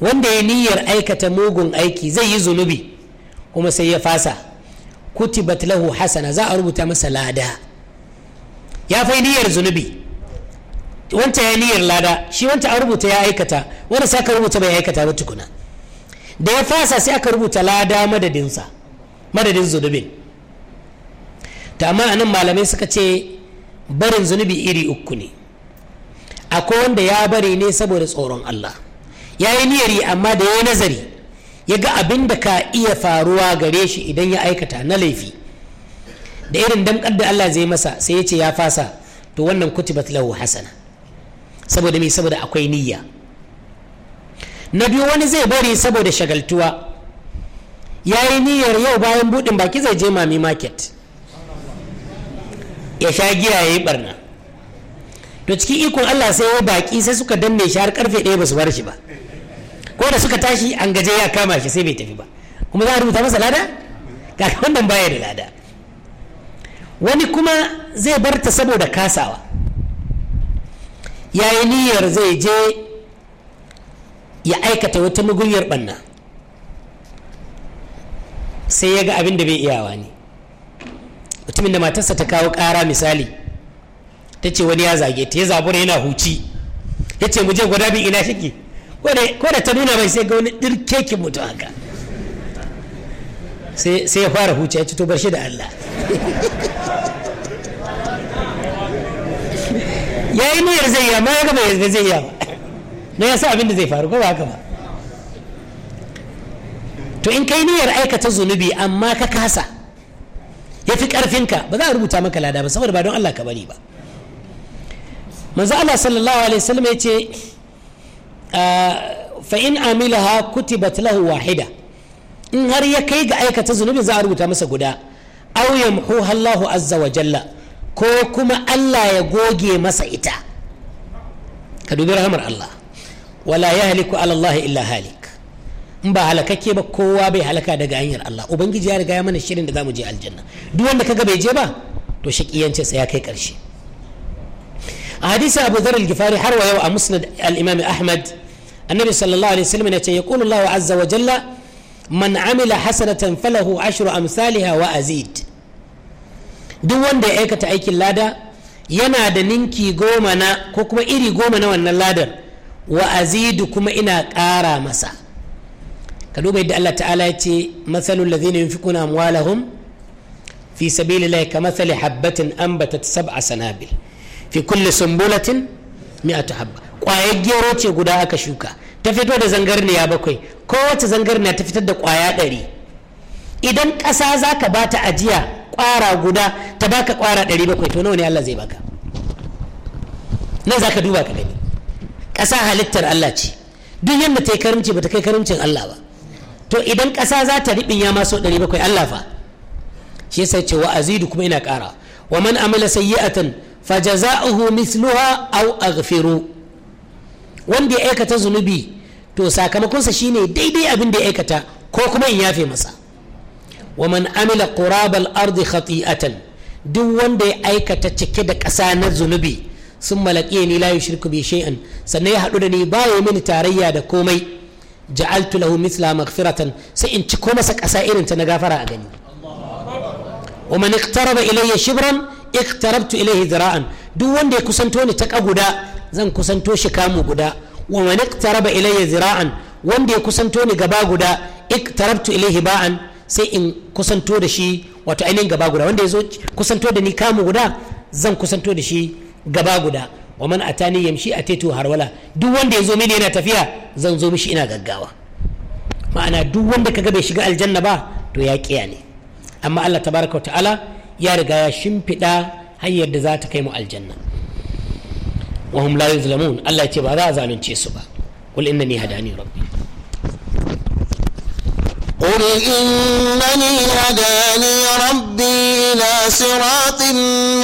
A: wanda ya niyyar aikata mugun aiki zai yi zunubi kuma sai ya fasa kutibat lahu hasana za a rubuta masa lada ya fai niyyar zunubi wanta ya niyyar lada shi wanta a rubuta ya aikata wanda sai aka rubuta bai aikata ba tukuna da ya fasa sai aka rubuta lada madadinsa madadin zunubin ta amma anan malamai suka ce barin zunubi iri uku ne akwai wanda ya bari ne saboda tsoron Allah ya yi niyari amma da ya yi nazari ya ga abin da ka iya faruwa gare shi idan ya aikata na laifi da irin damkar da Allah zai masa sai ya ce ya fasa to wannan kutubat lahu hasana saboda me saboda akwai niyya na biyu wani zai bari saboda shagaltuwa ya yi niyyar yau bayan buɗin baki zai je mami market ya sha giya ya yi barna to cikin ikon Allah sai ya baki sai suka danne shi har karfe ɗaya ba su bar shi ba ko da suka tashi an gaje ya kama shi sai bai tafi ba kuma za a rubuta masa lada ga wannan baya da lada wani kuma zai bar ta saboda kasawa yayi niyyar zai je ya aikata wata mugunyar banna sai ya ga abin da bai iyawa ne mutumin da matarsa ta kawo ƙara misali ta ce wani ya zage ta ya zabura yana huci ya ce mu je gwada bin ina shige ko da ta nuna mai sai ga wani ɗirkeke mutu haka sai ya fara huci ya ci to bar shi da Allah ya yi niyyar zai yi amma ya gaba yadda zai yi ba na ya sa abin da zai faru ko ba haka ba to in kai niyyar aikata zunubi amma ka kasa ya fi ƙarfinka ba za a rubuta maka lada ba saboda ba don Allah ka bari ba manzo Allah sallallahu alaihi wasallam ya ce ah, fa in amilaha kutibat lahu wahida in har ya kai ga aikata zunubi za a rubuta masa guda aw yamhu Allahu azza wa jalla ko kuma Allah ya goge masa ita ka dubi rahmar Allah wala yahliku ala Allah illa halik in ba halakakke ba kowa bai halaka daga hanyar Allah ubangiji ya riga ya mana shirin da zamu je aljanna duk wanda kaga bai je ba to kiyance sa ya kai karshe hadisi Abu Dharr gifari har wa yau a Musnad al-Imam Ahmad annabi sallallahu alaihi wasallam yace yaqulu Allah azza wa jalla man amila hasanatan falahu ashru amsalha wa azid duk wanda ya aikata aikin lada yana da ninki goma na ko kuma iri goma na wannan ladar wa azidu kuma ina ƙara masa ka duba yadda Allah ta'ala ya ce masalul ladhina yunfikuna amwalahum fi sabilillahi kamathali habbatin anbatat sab'a sanabil fi kulli sumbulatin mi'atu habba kwayar gero ce guda aka shuka ta fito da zangarniya bakwai kowace zangarniya ta fitar da kwaya ɗari idan ƙasa za ka ba ta ajiya ƙwara guda ta baka ƙwara ɗari bakwai to nawa ne Allah zai baka nan za ka duba ka gani ƙasa halittar Allah ce duk yadda ta yi karimci ba ta kai karimcin Allah ba to idan ƙasa za ta riɓinya ma sau ɗari bakwai Allah fa shi sai ce wa azidu kuma ina ƙara wa man amila sayyi'atan fa jaza'uhu mithluha aw aghfiru wanda ya aikata zunubi to sakamakonsa shine daidai abin da ya aikata ko kuma in yafe masa wa man amila qurabal ardi khati'atan duk wanda ya aikata cike da ƙasa na zunubi sun malaƙe ni la yushriku bi shay'an sannan ya haɗu da ni ba ya mini tarayya da komai ja'altu lahu mithla maghfiratan sai in ciko masa ƙasa irin ta na gafara a gani wa man iqtaraba ilayya shibran iqtarabtu ilayhi dhira'an duk wanda ya kusanto ni ta guda zan kusanto shi kamu guda wa man iqtaraba ilayya dhira'an wanda ya kusanto ni gaba guda iqtarabtu ilayhi ba'an sai in kusanto da shi wato ainihin gaba guda wanda ya zo kusanto da ni kamu guda zan kusanto da shi gaba guda ومن أتاني يمشي اتيتو هرولا دو وان دي زوميني أنا تفيا زن زوميش إنا غقاوة ما أنا دو وان دي كغبي شغاء الجنة با تو ياكي يعني أما الله تبارك وتعالى يارغا يشمبتا هاي يدزا تكيمو الجنة وهم لا يظلمون الله تبارا زالون چي سبا قل إنني هداني ربي
B: قل إنني هداني ربي إلى صراط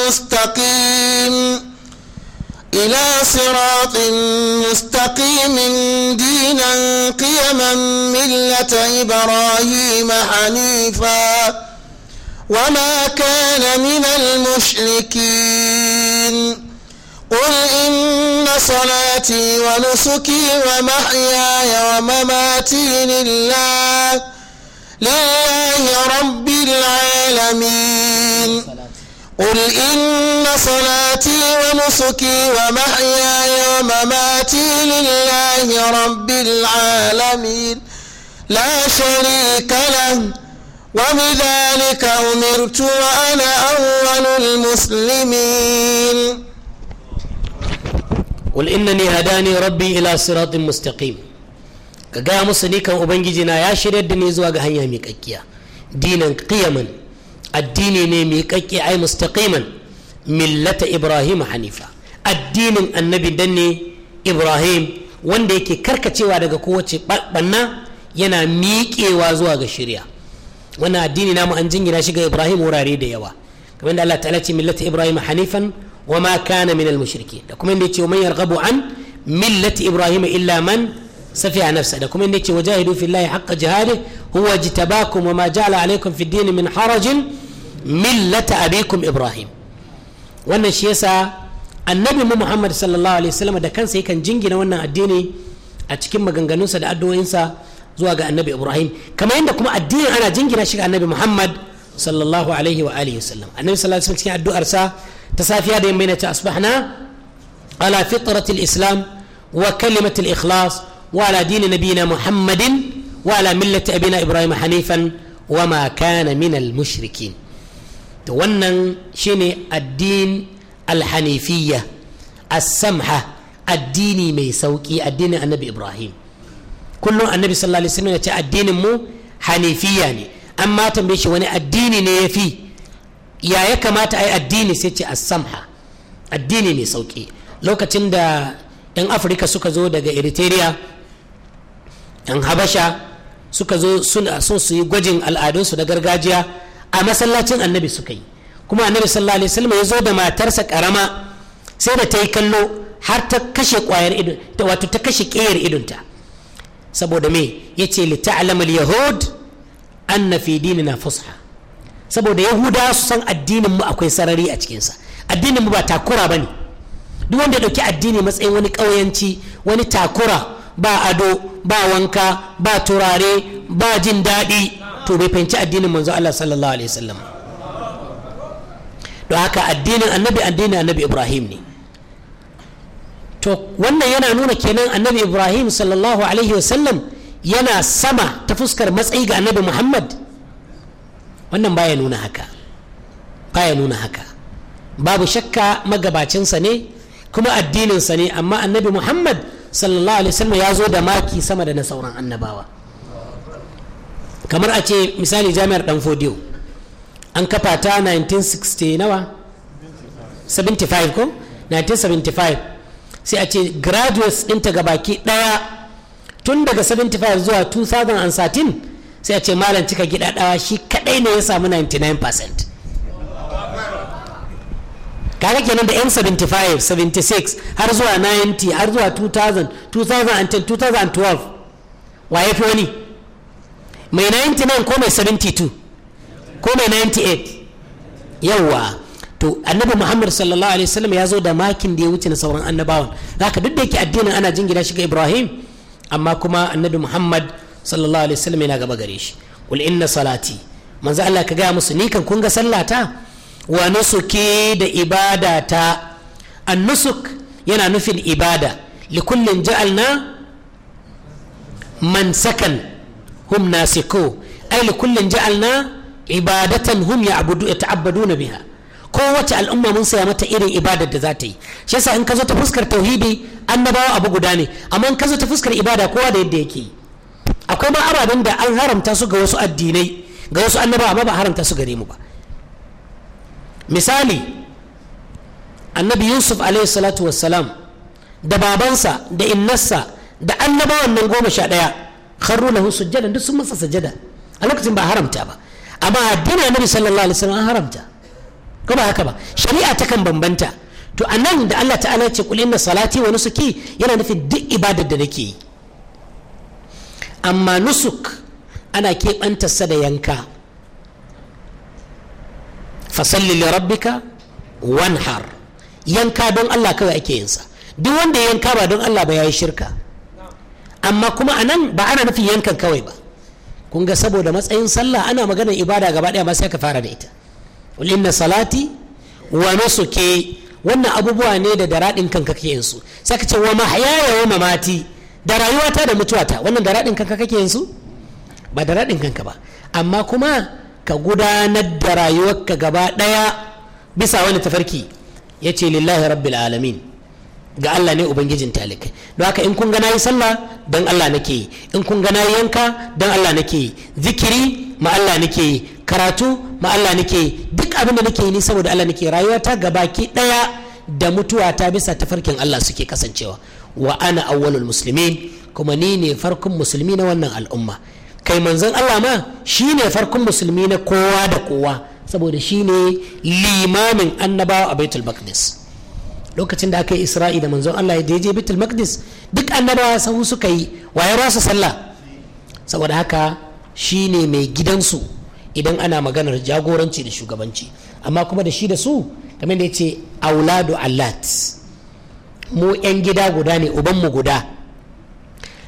B: مستقيم إلى صراط مستقيم دينا قيما ملة إبراهيم حنيفا وما كان من المشركين قل إن صلاتي ونسكي ومحياي ومماتي لله لله رب العالمين قل إن صلاتي ونسكي ومحياي ومماتي لله رب العالمين لا شريك له وبذلك أمرت
A: وأنا أول المسلمين قل إنني هداني ربي إلى صراط مستقيم كجا مسني أبنجي جنا يا شريد دني زواج ميكاكيا دينا قيما addini ne mai kakke ai mustaqiman millata ibrahim hanifa addinin annabi dan ne ibrahim wanda yake karkacewa daga kowace banna yana miƙewa zuwa ga shirya wannan addini namu an jingina shi ga ibrahim wurare da yawa kamar da Allah ta'ala ce millata ibrahim hanifan wa ma kana min al da kuma inda yace man yarghabu an millati ibrahim illa man safiya nafsa da kuma inda yace wajahidu fillahi haqqa jihadi huwa jitabakum wa ma ja'ala alaykum fid din min harajin millata abikum ibrahim wannan shi yasa annabi mu muhammad sallallahu alaihi wasallam da kansa yakan jingina wannan addini a cikin maganganunsa da addu'o'insa zuwa ga annabi ibrahim kamar yadda kuma addinin ana jingina shi ga annabi muhammad sallallahu alaihi wa alihi wasallam annabi sallallahu alaihi wasallam cikin addu'arsa ta safiya da yamma yana ta asbahna ala fitratil islam wa kalimatil ikhlas wa ala dini nabiyina muhammadin wa ala millati abina ibrahim hanifan وما كان minal mushrikin. to wannan shine addin alhanifiyya as-samha addini mai sauki addinin annabi ibrahim kullum annabi sallallahu alaihi wasallam ya ce addinin mu hanifiya ne amma tambaye shi wani addini ne ya fi ya ya kamata a addini sai ce as-samha addini mai sauki lokacin da 'yan afirka suka zo daga eritrea 'yan habasha suka zo sun su yi gwajin al'adunsu na gargajiya a masallacin annabi suka yi kuma annabi sallallahu alaihi wasallam ya zo da matarsa karama sai da ta yi kallo har ta kashe kwayar idon wato ta kashe ƙeyar idonta saboda me ya ce li al yahud anna fi dinina fusha saboda yahuda su san addinin mu akwai sarari a cikinsa addinin mu ba takura bane duk wanda ya dauki addini matsayin wani ƙauyanci wani takura ba ado ba wanka ba turare ba jin daɗi to bai fahimci addinin manzo Allah sallallahu alaihi wasallam don haka addinin annabi addinin annabi Ibrahim ne to wannan yana nuna kenan annabi Ibrahim sallallahu alaihi wasallam yana sama ta fuskar matsayi ga annabi Muhammad wannan baya nuna haka baya nuna haka babu shakka magabacinsa ne kuma addininsa ne amma annabi Muhammad sallallahu alaihi wasallam ya zo da maki sama da na sauran annabawa kamar a ce misali jami'ar dan fodiyo an kafa ta 1960 nawa 75 ko 1975 sai a ce graduates ɗinta gabaki daya tun daga 75 zuwa 2013 sai a ce malam cika gida dawa shi kadai ne ya samu 99% kaga kenan da yan 75 76 har zuwa 90 har zuwa 2000 2010 2012 wa ya fi wani mai 99 ko mai 72 ko mai 98 yawwa to annabi muhammad sallallahu alaihi wasallam ya zo da makin da ya wuce na sauran annabawan haka duk da yake addinin ana jingina shi ga ibrahim amma kuma annabi muhammad sallallahu alaihi wasallam yana gaba gare shi kul inna salati manzo Allah ka gaya musu ni kan kun ga sallata wa nusuki da ibadata an nusuk yana nufin ibada likullin ja'alna man sakan hum nasiku ai li kullin ja'alna ibadatan hum ya'buduna biha kowace al'umma mun saya mata irin ibadar da za ta yi shi yasa in ka zo ta fuskar tauhidi annabawa abu guda ne amma in ka zo ta fuskar ibada kowa da yadda yake akwai ma ababen da an haramta su ga wasu addinai ga wasu bawa amma ba haramta su gare mu ba misali annabi yusuf alaihi salatu wassalam da babansa da innarsa da annabawan nan goma sha ɗaya kharru lahu sujjadan duk sun masa sajada a lokacin ba haramta ba amma addinin annabi sallallahu alaihi wasallam an haramta ko ba haka ba shari'a takan bambanta to anan da Allah ta'ala ya ce kul inna salati wa nusuki yana nufin duk ibadar da nake yi amma nusuk ana keɓanta sa da yanka fasalli li rabbika wanhar yanka don Allah kawai ake yinsa duk wanda yanka ba don Allah ba yayi shirka amma kuma a nan ba ana nufin yankan kawai ba kun ga saboda matsayin sallah ana maganar ibada gaba ɗaya ma sai ka fara da ita inna salati wa nusuki wannan abubuwa ne da daraɗin kanka kake yin su sai ka ce wa mahyaya wa mamati da rayuwata da mutuwata wannan daraɗin kanka kake yin su ba daraɗin kanka ba amma kuma ka gudanar da rayuwarka gaba ɗaya bisa wani tafarki yace lillahi rabbil alamin ga Allah ne ubangijin talikai don haka in kun gana yi sallah dan Allah nake yi in kun gana nayi yanka don Allah nake yi zikiri ma Allah nake yi karatu ma Allah nake yi duk abin da nake yi ni saboda Allah nake rayuwata gabaki daya da mutuwa ta bisa tafarkin Allah suke kasancewa wa ana awwalul muslimin kuma ni ne farkon musulmi na wannan al'umma kai manzon Allah ma shine ne farkon musulmi na kowa da kowa saboda shine limamin annabawa a baitul maqdis lokacin da aka yi isra'i da manzon Allah ya je bitul maqdis duk annabawa sahu suka yi waye ba su sallah saboda haka shine mai gidansu idan ana maganar jagoranci da shugabanci amma kuma da shi da su kamar da ya auladu allat mu 'yan gida guda ne ubanmu guda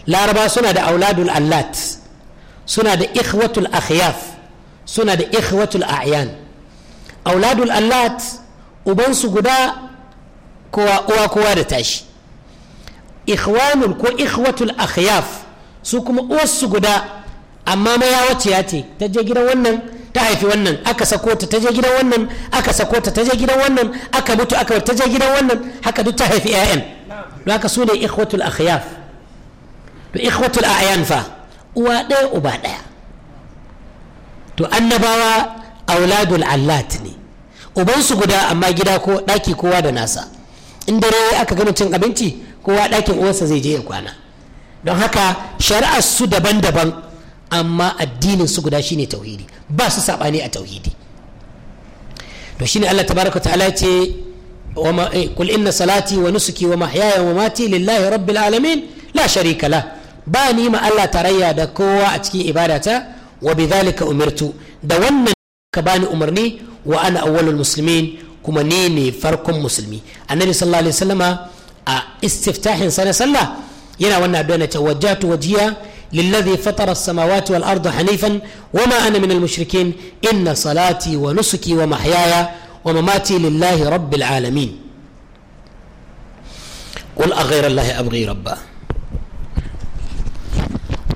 A: laraba suna da auladul allat suna da ikhwatul akhyaf suna da ikhwatul a'yan auladul allat ubansu guda kowa uwa kowa da tashi ikhwanul ko ikhwatul akhyaf su kuma uwarsu guda amma ya ce ta je gidan wannan ta haifi wannan aka sako ta ta je gidan wannan aka sako ta ta je gidan wannan aka mutu aka ta je gidan wannan haka duk ta haifi 'ya'yan don haka su ne ikhwatul akhyaf to ikhwatul a'yan fa uwa ɗaya uba ɗaya to annabawa auladul allat ne ubansu guda amma gida ko ɗaki kowa da nasa in dare aka gama cin abinci kowa ɗakin uwarsa zai je ya kwana don haka shari'ar su daban-daban amma addinin su guda shine tauhidi ba su saɓani a tauhidi to shine Allah tabaraka ta'ala ce kul eh, inna salati wa nusuki wa mahyaya wa mati lillahi rabbil alamin la sharika la ba ni ma Allah tarayya da kowa a cikin ibadata wa bidhalika umirtu da wannan ka bani umarni wa ana awwalul muslimin kuma ni ne farkon musulmi annabi sallallahu alaihi wasallama a istiftahin sana sallah yana wannan addu'a na tawajjatu wajiya للذي فطر السماوات والأرض حنيفا وما أنا من المشركين إن صلاتي ونسكي ومحياي ومماتي لله رب العالمين قل أغير الله أبغي ربا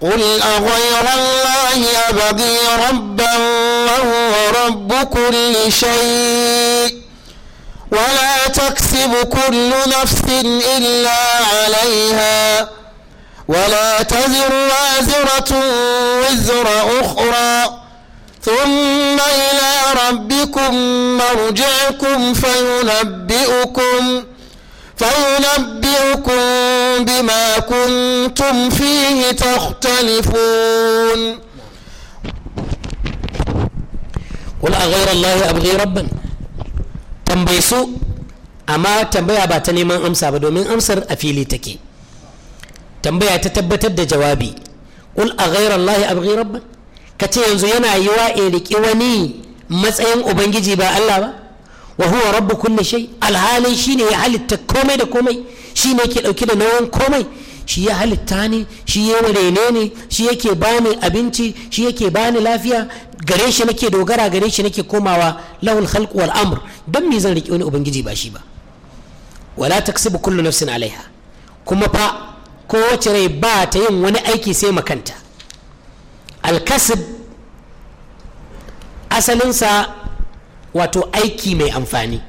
A: قل
B: أغير الله أبغي ربا وهو رب كل شيء ولا تكسب كل نفس إلا عليها ولا تزر وازرة وزر أخرى ثم إلى ربكم مرجعكم فينبئكم فينبئكم بما كنتم فيه تختلفون
A: قل أغير الله أبغي ربا tambaye su amma tambaya ba ta neman amsa ba domin amsar a fili take tambaya ta tabbatar da jawabi kul a ghayra allahi abghi rabban ce yanzu yana yiwa in riki wani matsayin ubangiji ba Allah ba wa huwa rabbu kulli shay alhalin shine ya halitta komai da komai ne yake dauke da nauyin komai shi ya halitta ni shi ya rene ne shi yake bani abinci shi yake bani lafiya gare shi nake dogara gare shi nake komawa lahul khalq wal amr dan me zan riƙe wani ubangiji ba shi ba wala taksibu kullu nafsin alaiha kuma fa kowace rai ba ta yin wani aiki sai makanta alkasib asalinsa wato aiki mai amfani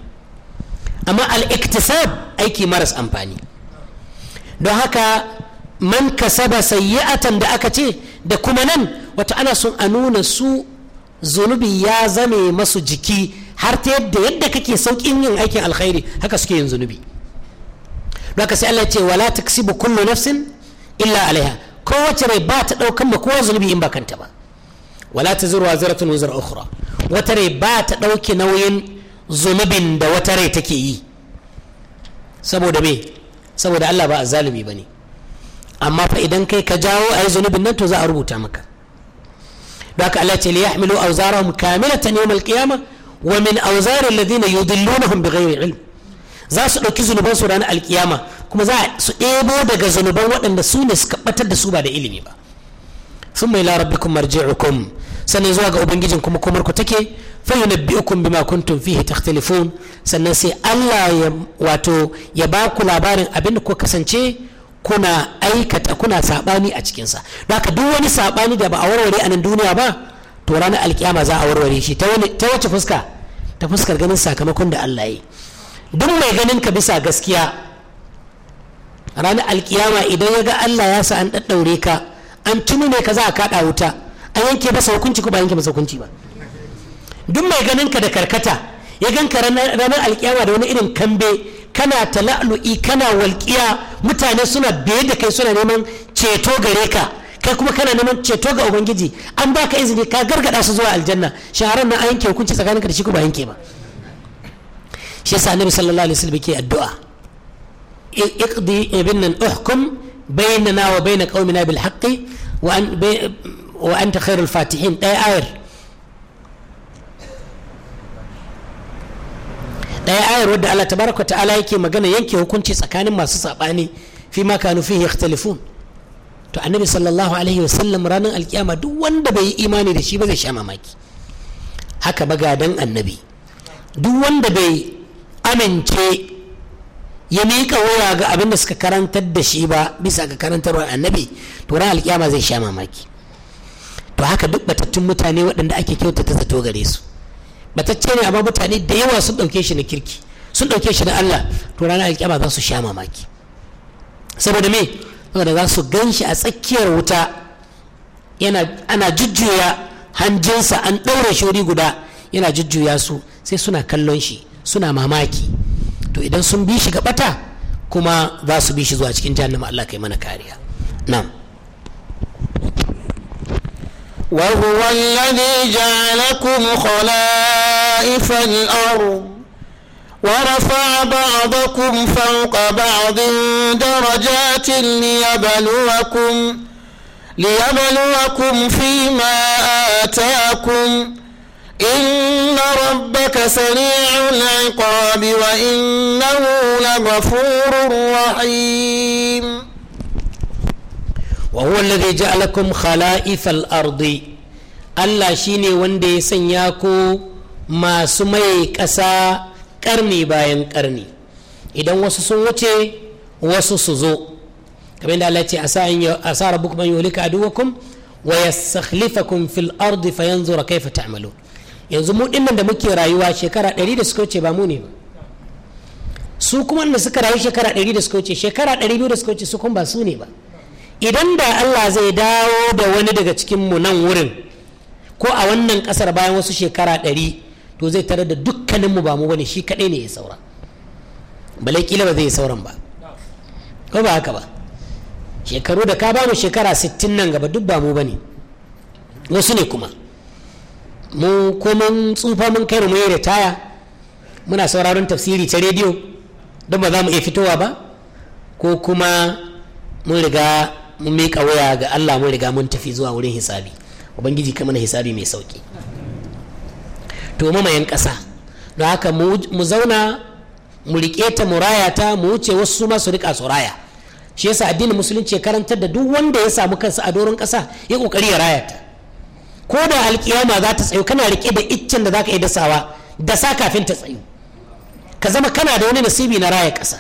A: amma al-iktisab aiki maras amfani don haka man kasaba sayyi'atan da aka ce da kuma nan wata ana sun a nuna su zunubi ya zame masu jiki har ta yadda yadda kake saukin yin aikin alkhairi haka suke yin zunubi don haka sai Allah ce wala taksibu kullu nafsin illa alaiha kowace rai ba ta daukan ma kowa zunubi in ba kanta ba wala taziru waziratun wazira ukhra wata rai ba ta dauke nauyin zunubin da wata rai take yi saboda me saboda Allah ba ba ne amma fa idan kai ka jawo ayi zunubin nan to za a rubuta maka haka Allah ce liyahmilu awzarahum kamilatan yawm al-qiyamah wa min awzar alladhina yudillunahum bighayri ilm za su ɗauki zunuban su ranar alkiyama kuma za su ɗebo daga zunuban waɗanda su ne suka batar da su ba da ilimi ba sun mai larabbikum marji'ukum sannan zuwa ga ubangijin kuma komar ku take fa yunabbi'ukum bima kuntum fihi takhtalifun sannan sai Allah ya wato ya ba ku labarin abin da ku kasance kuna aikata kuna sabani a cikinsa sa haka duk wani sabani da ba a warware a nan duniya ba to ranar alkiyama za a warware shi ta wani ta wace fuska ta fuskar ganin sakamakon da Allah yi duk mai ganin ka bisa gaskiya ranar alkiyama idan ya ga Allah ya sa an daddaure ka an tuni ne ka za a kaɗa wuta an yanke masa hukunci ko ba yanke masa hukunci ba duk mai ganin ka da karkata ya gan ka ranar alƙiyawa da wani irin kambe kana tala'lu'i kana walƙiya mutane suna biye da kai suna neman ceto gare ka kai kuma kana neman ceto ga ubangiji an baka izini ka gargada su zuwa aljanna shaharar na an yanke hukunci ka da shi ko ba yanke ba shi yasa annabi sallallahu alaihi wasallam yake addu'a iqdi ibn nan uhkum bainana wa bain qaumina bil haqqi wa an wa anta khairul fatihin ɗaya ayar ɗaya ayar wadda Allah tabaraka ta'ala yake magana yanke hukunci tsakanin masu sabani fi ma kanu fihi yakhtalifun to annabi sallallahu alaihi wa sallam ranar alkiyama duk wanda bai yi imani da shi ba zai sha mamaki haka bagadan annabi duk wanda bai amince ya miƙa waya ga abin da suka karantar da shi ba bisa ga karantarwar annabi to ran alkiyama zai sha mamaki ba haka duk batattun mutane waɗanda ake kyautata zato gare su batacce ne amma mutane da yawa sun ɗauke shi na kirki sun ɗauke shi na Allah to ranar alƙiyama za su sha mamaki saboda me saboda za su gan shi a tsakiyar wuta yana ana jujjuya hanjinsa an ɗaure shori guda yana jujjuya su sai suna kallon shi suna mamaki to idan sun bi shi ga bata kuma za su bi shi zuwa cikin jahannama Allah kai mana kariya na'am
B: وهو الذي جعلكم خلائف الأرض ورفع بعضكم فوق بعض درجات ليبلوكم ليبلوكم فيما آتاكم إن ربك سريع العقاب وإنه لغفور
A: رحيم wa huwa alladhi ja'alakum khala'ithal ardi Allah shine wanda ya sanya ko masu mai kasa ƙarni ba'an karni idan wasu sun wuce wasu su zo kamar da Allah ce a sa rabbukum an yanzu mu dinnan da muke rayuwa shekara 100 da suka wuce ba mu ne ba su kuma da suka rayu shekara 100 da suka wuce shekara 200 da suka wuce su kuma ba su ne ba idan da Allah zai dawo da wani daga cikinmu nan wurin ko a wannan ƙasar bayan wasu shekara ɗari to zai tare da dukkaninmu ba mu bane shi kaɗai ne ya saura balai kila ba zai sauran ba ko ba haka ba shekaru da ka ba mu shekara sittin nan gaba duk ba mu bane wasu ne kuma mu ko mun tsufa mun kai mu yi ritaya muna sauraron tafsiri ta rediyo don ba za mu iya fitowa ba ko kuma mun riga mun miƙa waya ga Allah mun riga mun tafi zuwa wurin hisabi ubangiji kai mana hisabi mai sauki to mamayan ƙasa don haka mu zauna mu riƙe ta mu raya ta mu wuce wasu ma su riƙa su raya shi yasa addinin musulunci ya karantar da duk wanda ya samu kansa a doron ƙasa ya ƙoƙari ya raya ta ko da alƙiyama za ta tsayo kana riƙe da iccen da za ka yi dasawa dasa kafin ta tsayu ka zama kana da wani nasibi na raya ƙasa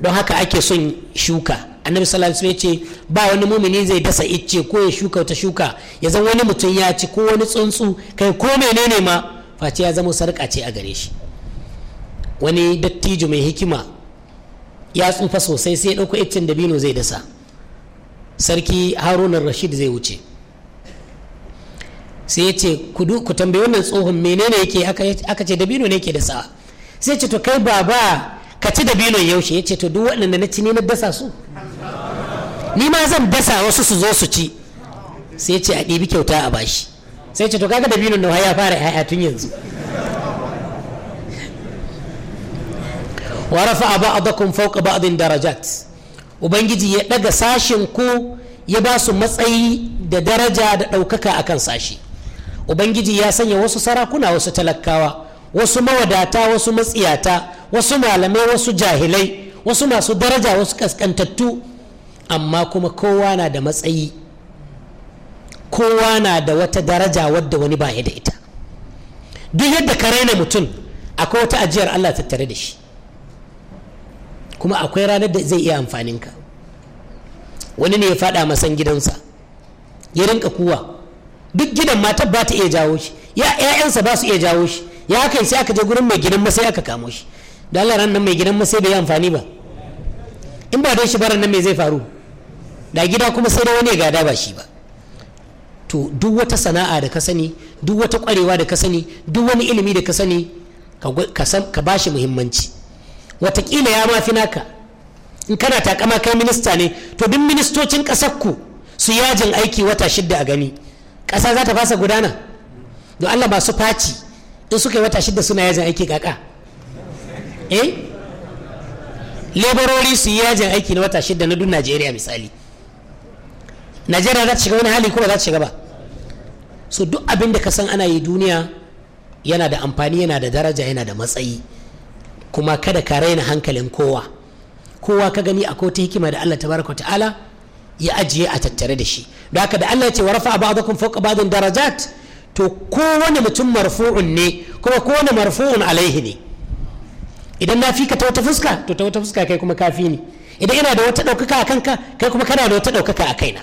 A: don haka ake son shuka annabi sallallahu alaihi wasallam ce ba wani mumini zai dasa icce ko ya shuka ta shuka ya zama wani mutum ya ci ko wani tsuntsu kai ko menene ma face ya zama sarƙa ce a gare shi wani dattijo mai hikima ya tsufa sosai sai ya ɗauko iccen dabino zai dasa sarki harunan rashid zai wuce sai ya ce ku tambayi wannan tsohon menene yake aka ce dabino ne yake dasa sai ce to kai baba ka ci dabinon yaushe ya ce to duk waɗanda na ci ne na dasa su ni ma zan dasa wasu su zo su ci sai ce a ɗibi kyauta a bashi sai ce to kaga dabinin nawa ya fara yaya tun yanzu wa rafa'a ba'dakum fawqa ba'din darajat ubangiji ya daga sashin ku ya ba su matsayi da daraja da ɗaukaka akan sashi ubangiji ya sanya wasu sarakuna wasu talakawa wasu mawadata wasu matsiyata wasu malamai wasu jahilai wasu masu daraja wasu kaskantattu amma kuma kowa na da matsayi kowa na da wata daraja wadda wani baya da ita duk yadda ka raina mutum akwai wata ajiyar Allah tattare da shi kuma akwai ranar da zai iya amfaninka wani ne ya fada masan gidansa ya rinka kuwa duk gidan matar ba ta iya jawo shi ya'yansa ba su iya jawo shi ya kai sai aka je gurin mai gidan masai aka kamo shi da Allah ran nan mai gidan masai bai yi amfani ba in ba don shi baran nan me zai faru da gida kuma sai da wani ya gada ba shi ba to duk wata sana'a da ka sani duk wata kwarewa da ka sani duk wani ilimi da ka sani ka ba shi muhimmanci watakila ya mafi naka in kana takama kai minista ne to duk ministocin kasar ku su yajin aiki wata shidda a gani ƙasa za ta fasa gudana don allah masu faci in suka yi wata shidda suna yajin aiki kaka eh laborori su yi yajin aiki na wata shidda na duk najeriya misali najeriya za ta shiga wani hali kuma ba za ta shiga ba so duk abin da ka san ana yi duniya yana da amfani yana da daraja yana da matsayi kuma kada ka raina hankalin kowa kowa ka gani a ta hikima da Allah tabaraka ta'ala ya ajiye a tattare da shi da haka da Allah ce wa rafa ba'dakum fawqa ba'din darajat to kowane mutum marfu'un ne kuma kowane marfu'un alaihi ne idan na fi ka ta wata fuska to ta wata fuska kai kuma kafi ne idan ina da wata ɗaukaka a kanka kai kuma kana da wata ɗaukaka a kaina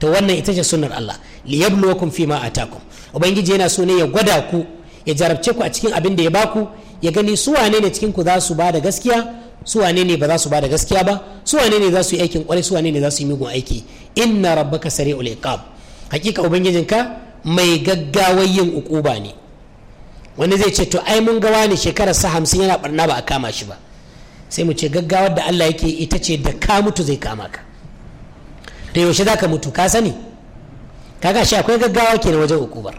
A: to wannan ita ce sunnar Allah yabluwakum fima atakum ubangiji yana so ne ya gwada ku ya jarabce ku a cikin abin da ya baku ya gani su wane ne cikin ku za su ba da gaskiya su wane ne ba za su ba da gaskiya ba su wane ne za su yi aikin kwarai su wane ne za su yi mugun aiki inna rabbaka sari'ul iqab hakika ubangijinka mai gaggawar yin ukuba ne wani zai ce to ai mun ga wani shekarar sa hamsin yana barna ba a kama shi ba sai mu ce gaggawar da Allah yake ita ce da ka mutu zai kama ka da yaushe za ka mutu ka sani kaga shi akwai gaggawa ke wajen hukumar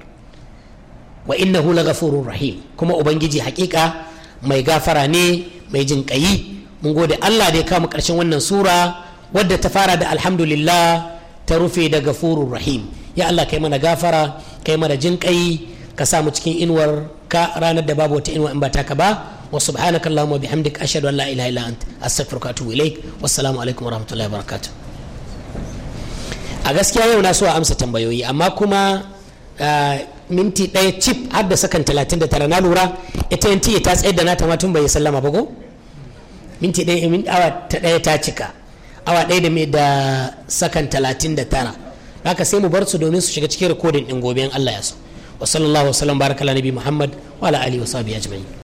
A: wa innahu gafurun rahim kuma ubangiji hakika mai gafara ne mai jin kayi mun gode Allah da ya kama karshen wannan sura wadda ta fara da alhamdulillah ta rufe da gafurun rahim ya Allah kai mana gafara kai mana jin kai ka sa mu cikin inuwar ka ranar da babu wata inuwa in ba taka ba wa subhanakallahumma bihamdika ashhadu an la ilaha illa anta astaghfiruka wa atubu ilaik wassalamu alaikum warahmatullahi wabarakatuh a gaskiya yau na so a amsa tambayoyi amma kuma minti ɗaya cip har da sakan 39 na lura ita yanti ta tsayar da nata tun bai sallama ba ko minti ɗaya min awa ta ɗaya ta cika awa ɗaya da mai da sakan 39 haka sai mu bar su domin su shiga cikin rikodin ɗin gobe in Allah ya so wa sallallahu wa sallam baraka nabi Muhammad wa ala alihi wa sahbihi ajma'in